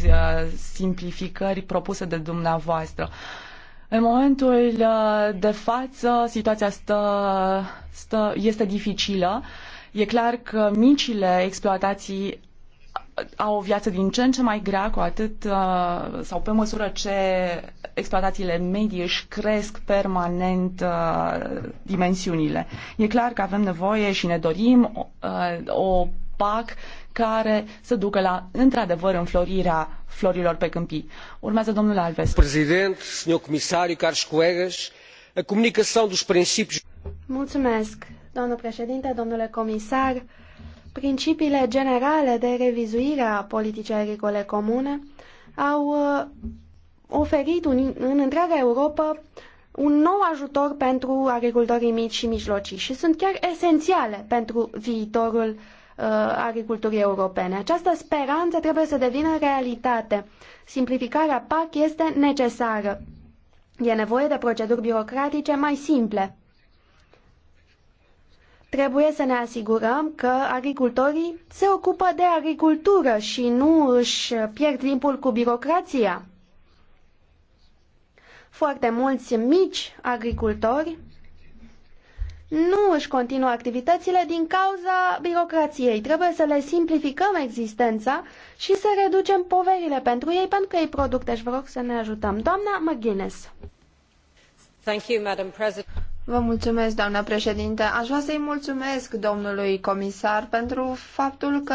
simplificări propuse de dumneavoastră. În momentul uh, de față, situația stă, stă, este dificilă. E clar că micile exploatații au o viață din ce în ce mai grea, cu atât uh, sau pe măsură ce exploatațiile medii își cresc permanent uh, dimensiunile. E clar că avem nevoie și ne dorim uh, o PAC care să ducă la, într-adevăr, înflorirea florilor pe câmpii. Urmează domnul Alves. Președinte, domnul Comisar, caros colegas, a comunicação dos princípios... Mulțumesc, doamnă președinte, domnule comisar. Principiile generale de revizuire a politicii agricole comune au uh, oferit un, în întreaga Europa un nou ajutor pentru agricultorii mici și mijlocii și sunt chiar esențiale pentru viitorul uh, agriculturii europene. Această speranță trebuie să devină realitate. Simplificarea PAC este necesară. E nevoie de proceduri birocratice mai simple. Trebuie să ne asigurăm că agricultorii se ocupă de agricultură și nu își pierd timpul cu birocrația. Foarte mulți mici agricultori nu își continuă activitățile din cauza birocrației. Trebuie să le simplificăm existența și să reducem poverile pentru ei, pentru că ei produc. Deci vă rog să ne ajutăm. Doamna McGuinness. Thank you, Madam President. Vă mulțumesc, doamna președinte. Aș vrea să-i mulțumesc domnului comisar pentru faptul că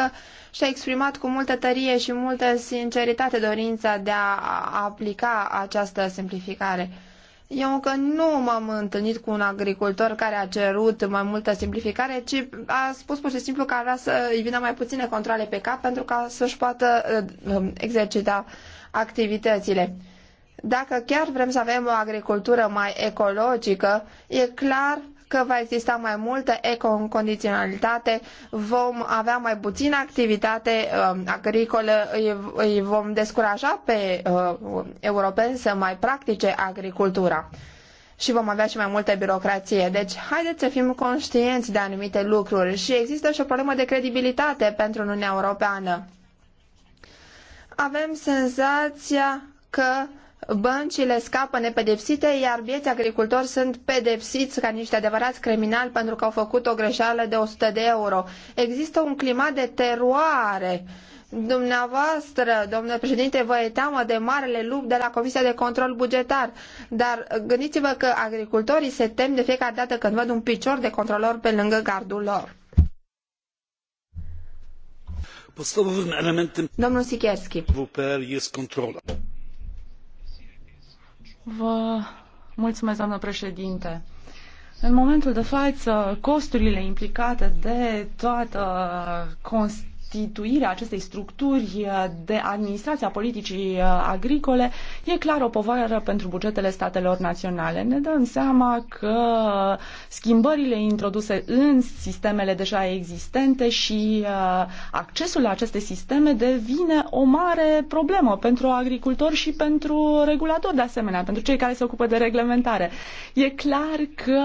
și-a exprimat cu multă tărie și multă sinceritate dorința de a aplica această simplificare. Eu încă nu m-am întâlnit cu un agricultor care a cerut mai multă simplificare, ci a spus pur și simplu că ar vrea să i vină mai puține controle pe cap pentru ca să-și poată uh, exercita activitățile. Dacă chiar vrem să avem o agricultură mai ecologică, e clar că va exista mai multă ecocondiționalitate, vom avea mai puțină activitate uh, agricolă, îi, îi vom descuraja pe uh, europeni să mai practice agricultura și vom avea și mai multă birocrație. Deci, haideți să fim conștienți de anumite lucruri și există și o problemă de credibilitate pentru Uniunea Europeană. Avem senzația că băncile scapă nepedepsite, iar bieți agricultori sunt pedepsiți ca niște adevărați criminali pentru că au făcut o greșeală de 100 de euro. Există un climat de teroare. Dumneavoastră, domnule președinte, vă e teamă de marele lup de la Comisia de Control Bugetar, dar gândiți-vă că agricultorii se tem de fiecare dată când văd un picior de controlor pe lângă gardul lor. Domnul elementem Vă mulțumesc, doamnă președinte. În momentul de față, costurile implicate de toată construcția constituirea acestei structuri uh, de administrație a politicii uh, agricole e clar o povară pentru bugetele statelor naționale. Ne dăm seama că schimbările introduse în sistemele deja existente și uh, accesul la aceste sisteme devine o mare problemă pentru agricultori și pentru regulatori de asemenea, pentru cei care se ocupă de reglementare. E clar că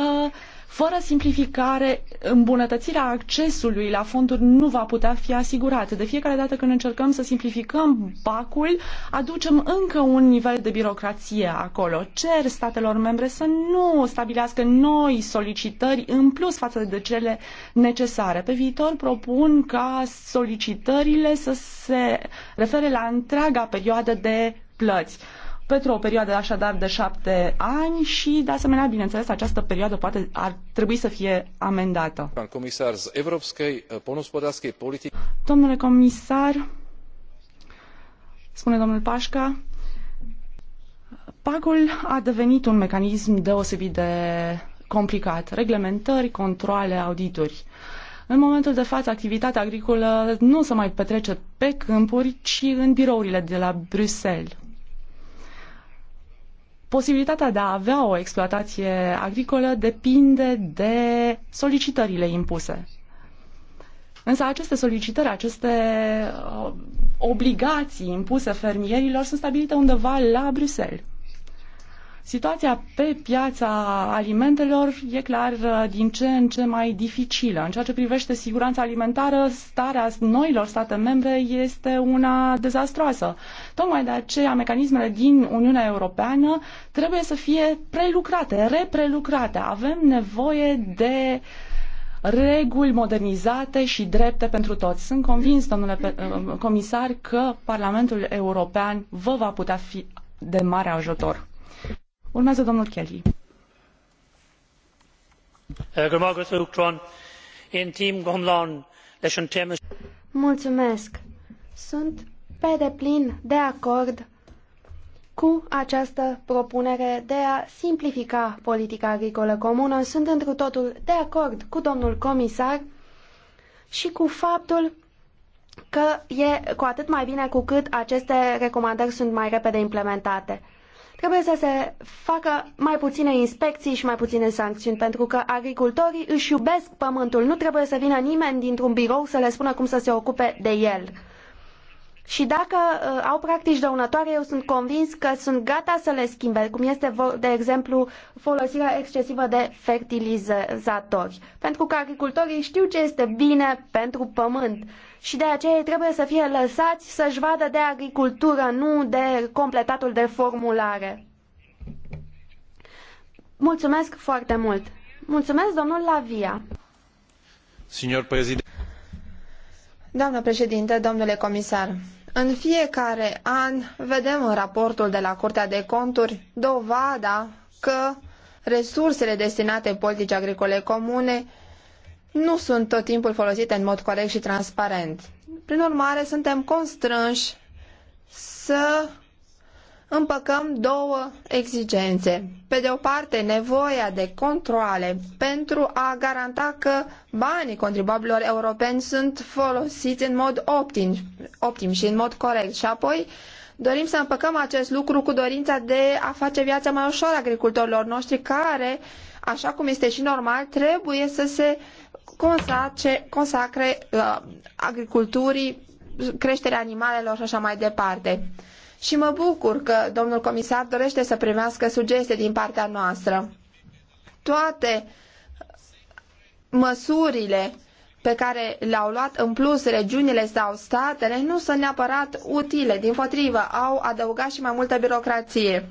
fără simplificare, îmbunătățirea accesului la fonduri nu va putea fi asigurată. De fiecare dată când încercăm să simplificăm bacul, aducem încă un nivel de birocrație acolo. Cer statelor membre să nu stabilească noi solicitări în plus față de cele necesare. Pe viitor propun ca solicitările să se refere la întreaga perioadă de plăți pentru o perioadă așadar de șapte ani și, de asemenea, bineînțeles, această perioadă poate ar trebui să fie amendată. Domnule comisar, spune domnul Pașca, pagul a devenit un mecanism deosebit de complicat. Reglementări, controle, audituri. În momentul de față, activitatea agricolă nu se mai petrece pe câmpuri, ci în birourile de la Bruxelles. Posibilitatea de a avea o exploatație agricolă depinde de solicitările impuse. Însă aceste solicitări, aceste uh, obligații impuse fermierilor sunt stabilite undeva la Bruxelles. Situația pe piața alimentelor e clar uh, din ce în ce mai dificilă. În ceea ce privește siguranța alimentară, starea noilor state membre este una dezastroasă. Tocmai de aceea, mecanismele din Uniunea Europeană trebuie să fie prelucrate, reprelucrate. Avem nevoie de reguli modernizate și drepte pentru toți. Sunt convins, domnule uh, comisar, că Parlamentul European vă va putea fi de mare ajutor. Urmează domnul Kelly. Äh, Mulțumesc. Sunt pe deplin de acord cu această propunere de a simplifica politica agricolă comună. Sunt întru totul de acord cu domnul comisar și cu faptul că e cu atât mai bine cu cât aceste recomandări sunt mai repede implementate. Trebuie să se facă mai puține inspecții și mai puține sancțiuni, pentru că agricultorii își iubesc pământul. Nu trebuie să vină nimeni dintr-un birou să le spună cum să se ocupe de el. Și dacă uh, au practici dăunătoare, eu sunt convins că sunt gata să le schimbe, cum este, de exemplu, folosirea excesivă de fertilizatori. Pentru că agricultorii știu ce este bine pentru pământ și de aceea ei trebuie să fie lăsați să-și vadă de agricultură, nu de completatul de formulare. Mulțumesc foarte mult! Mulțumesc, domnul Lavia! Signor președinte. Doamnă președinte, domnule comisar, în fiecare an vedem în raportul de la Curtea de Conturi dovada că resursele destinate politicii agricole comune nu sunt tot timpul folosite în mod corect și transparent. Prin urmare, suntem constrânși să împăcăm două exigențe. Pe de o parte, nevoia de controle pentru a garanta că banii contribuabililor europeni sunt folosiți în mod optim, optim și în mod corect. Și apoi, dorim să împăcăm acest lucru cu dorința de a face viața mai ușor agricultorilor noștri care, așa cum este și normal, trebuie să se consace, consacre uh, agriculturii, creșterea animalelor și așa mai departe și mă bucur că domnul comisar dorește să primească sugestii din partea noastră. Toate măsurile pe care le-au luat în plus regiunile sau statele nu sunt neapărat utile, din potrivă, au adăugat și mai multă birocrație.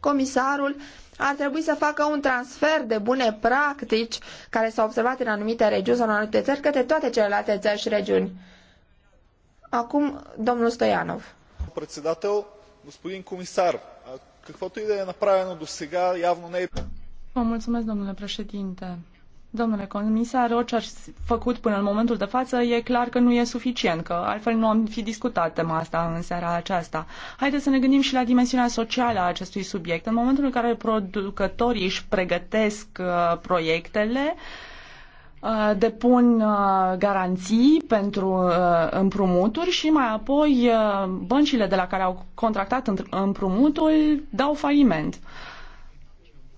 Comisarul ar trebui să facă un transfer de bune practici care s-au observat în anumite regiuni sau în anumite țări către toate celelalte țări și regiuni. Acum, domnul Stoianov госпожо председател. Господин комисар, каквото и да е направено досега, явно не е... Vă mulțumesc, domnule președinte. Domnule comisar, orice ați făcut până în momentul de față e clar că nu e suficient, că altfel nu am fi discutat tema asta în seara aceasta. Haideți să ne gândim și la dimensiunea socială a acestui subiect. În momentul în care producătorii își pregătesc uh, proiectele, uh, Uh, depun uh, garanții pentru uh, împrumuturi și mai apoi băncile de la care au contractat împrumutul dau faliment.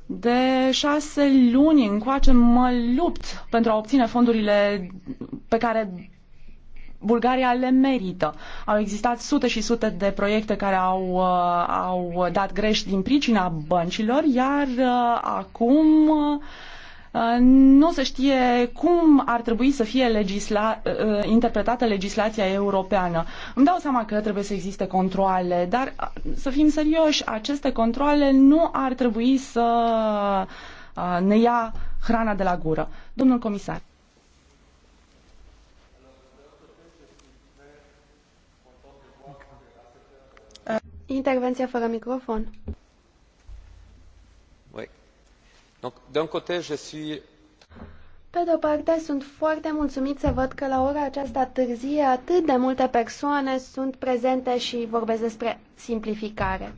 De șase luni încoace mă lupt pentru a obține fondurile pe care Bulgaria le merită. Au existat sute și sute de proiecte care au, au dat greș din pricina băncilor, iar acum uh, Uh, nu se știe cum ar trebui să fie legisla, uh, uh, interpretată legislația europeană. Îmi dau seama că trebuie să existe controle, dar să fim serioși, aceste controle nu ar trebui să ne ia hrana de la gură. Domnul comisar. Intervenție fără microfon. Pe de o parte, sunt foarte mulțumit să văd că la ora aceasta târzie atât de multe persoane sunt prezente și vorbesc despre simplificare.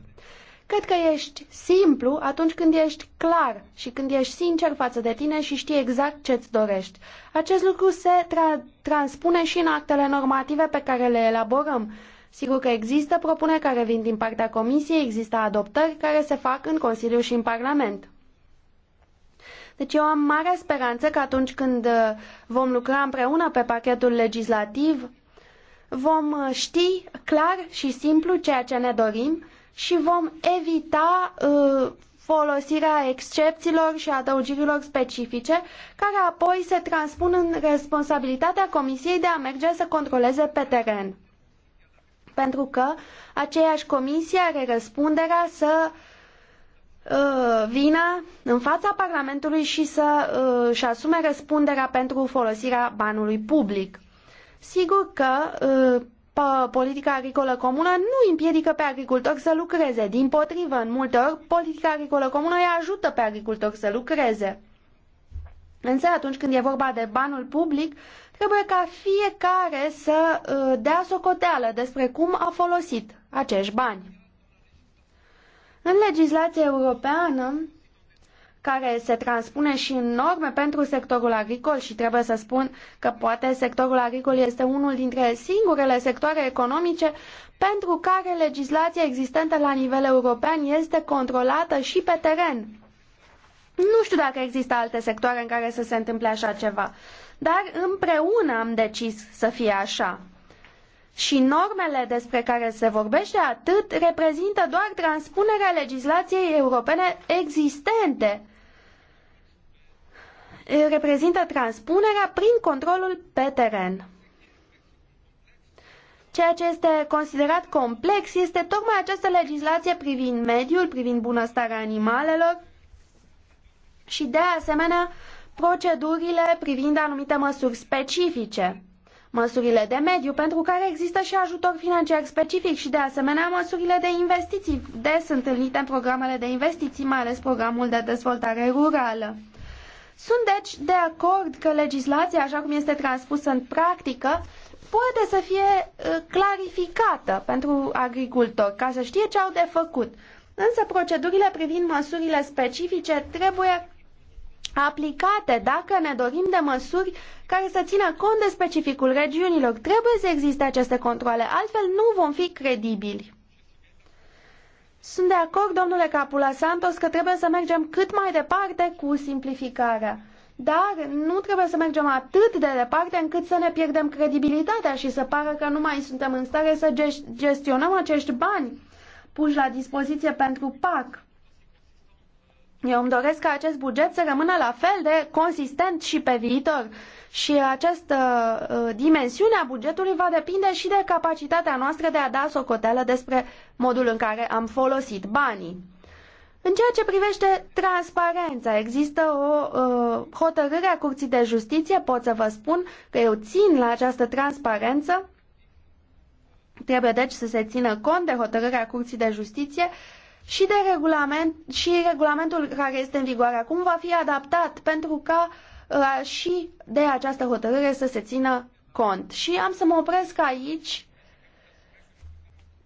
Cred că ești simplu atunci când ești clar și când ești sincer față de tine și știi exact ce-ți dorești. Acest lucru se tra- transpune și în actele normative pe care le elaborăm. Sigur că există propuneri care vin din partea Comisiei, există adoptări care se fac în Consiliu și în Parlament. Deci eu am mare speranță că atunci când uh, vom lucra împreună pe pachetul legislativ, vom uh, ști clar și simplu ceea ce ne dorim și vom evita uh, folosirea excepțiilor și adăugirilor specifice, care apoi se transpun în responsabilitatea Comisiei de a merge să controleze pe teren. Pentru că aceeași comisie are răspunderea să uh, Uh, vină în fața Parlamentului și să își uh, asume răspunderea pentru folosirea banului public. Sigur că uh, politica agricolă comună nu împiedică pe agricultori să lucreze. Din potrivă, în multe ori, politica agricolă comună îi ajută pe agricultori să lucreze. Însă atunci când e vorba de banul public, trebuie ca fiecare să dea socoteală despre cum a folosit acești bani. În legislația europeană, care se transpune și în norme pentru sectorul agricol și trebuie să spun că poate sectorul agricol este unul dintre singurele sectoare economice pentru care legislația existentă la nivel european este controlată și pe teren. Nu știu dacă există alte sectoare în care să se întâmple așa ceva, dar împreună am decis să fie așa și normele despre care se vorbește atât reprezintă doar transpunerea legislației europene existente. Reprezintă transpunerea prin controlul pe teren. Ceea ce este considerat complex este tocmai această legislație privind mediul, privind bunăstarea animalelor și, de asemenea, procedurile privind anumite măsuri specifice măsurile de mediu, pentru care există și ajutor financiar specific și, de asemenea, măsurile de investiții des întâlnite în programele de investiții, mai ales programul de dezvoltare rurală. Sunt, deci, de acord că legislația, așa cum este transpusă în practică, poate să fie ă, clarificată pentru agricultori, ca să știe ce au de făcut. Însă procedurile privind măsurile specifice trebuie aplicate dacă ne dorim de măsuri care să țină cont de specificul regiunilor. Trebuie să existe aceste controle, altfel nu vom fi credibili. Sunt de acord, domnule Capula Santos, că trebuie să mergem cât mai departe cu simplificarea. Dar nu trebuie să mergem atât de departe încât să ne pierdem credibilitatea și să pară că nu mai suntem în stare să gestionăm acești bani puși la dispoziție pentru PAC. Eu îmi doresc ca acest buget să rămână la fel de consistent și pe viitor. Și această uh, dimensiune a bugetului va depinde și de capacitatea noastră de a da socoteală despre modul în care am folosit banii. În ceea ce privește transparența, există o uh, hotărâre a Curții de Justiție, pot să vă spun că eu țin la această transparență. Trebuie deci să se țină cont de hotărârea Curții de Justiție și, de regulament, și regulamentul care este în vigoare acum va fi adaptat pentru ca uh, și de această hotărâre să se țină cont. Și am să mă opresc aici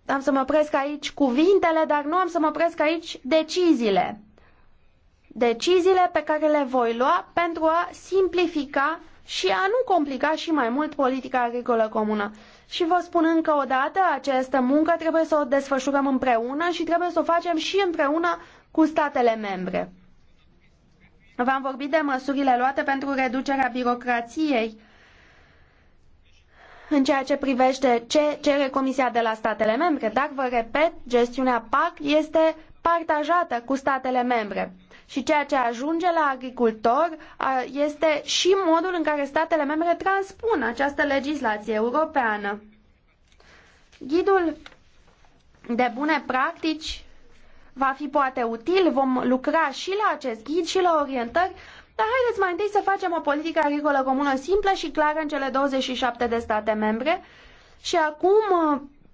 am să mă opresc aici cuvintele, dar nu am să mă opresc aici deciziile. Deciziile pe care le voi lua pentru a simplifica și a nu complica și mai mult politica agricolă comună. Și vă spun încă o dată, această muncă trebuie să o desfășurăm împreună și trebuie să o facem și împreună cu statele membre. V-am vorbit de măsurile luate pentru reducerea birocrației în ceea ce privește ce cere Comisia de la statele membre, dar vă repet, gestiunea PAC este partajată cu statele membre. Și ceea ce ajunge la agricultor este și modul în care statele membre transpun această legislație europeană. Ghidul de bune practici va fi poate util, vom lucra și la acest ghid și la orientări, dar haideți mai întâi să facem o politică agricolă comună simplă și clară în cele 27 de state membre și acum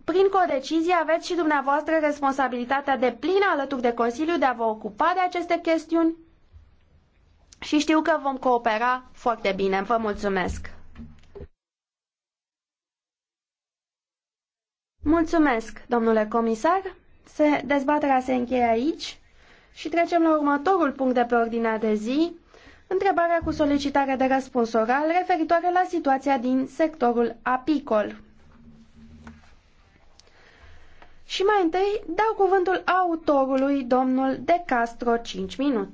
prin codecizie aveți și dumneavoastră responsabilitatea de plină alături de Consiliu de a vă ocupa de aceste chestiuni și știu că vom coopera foarte bine. Vă mulțumesc! Mulțumesc, domnule comisar. Se, dezbaterea se încheie aici și trecem la următorul punct de pe ordinea de zi, întrebarea cu solicitare de răspuns oral referitoare la situația din sectorul apicol. Și mai întâi dau cuvântul autorului, domnul De Castro, 5 minute.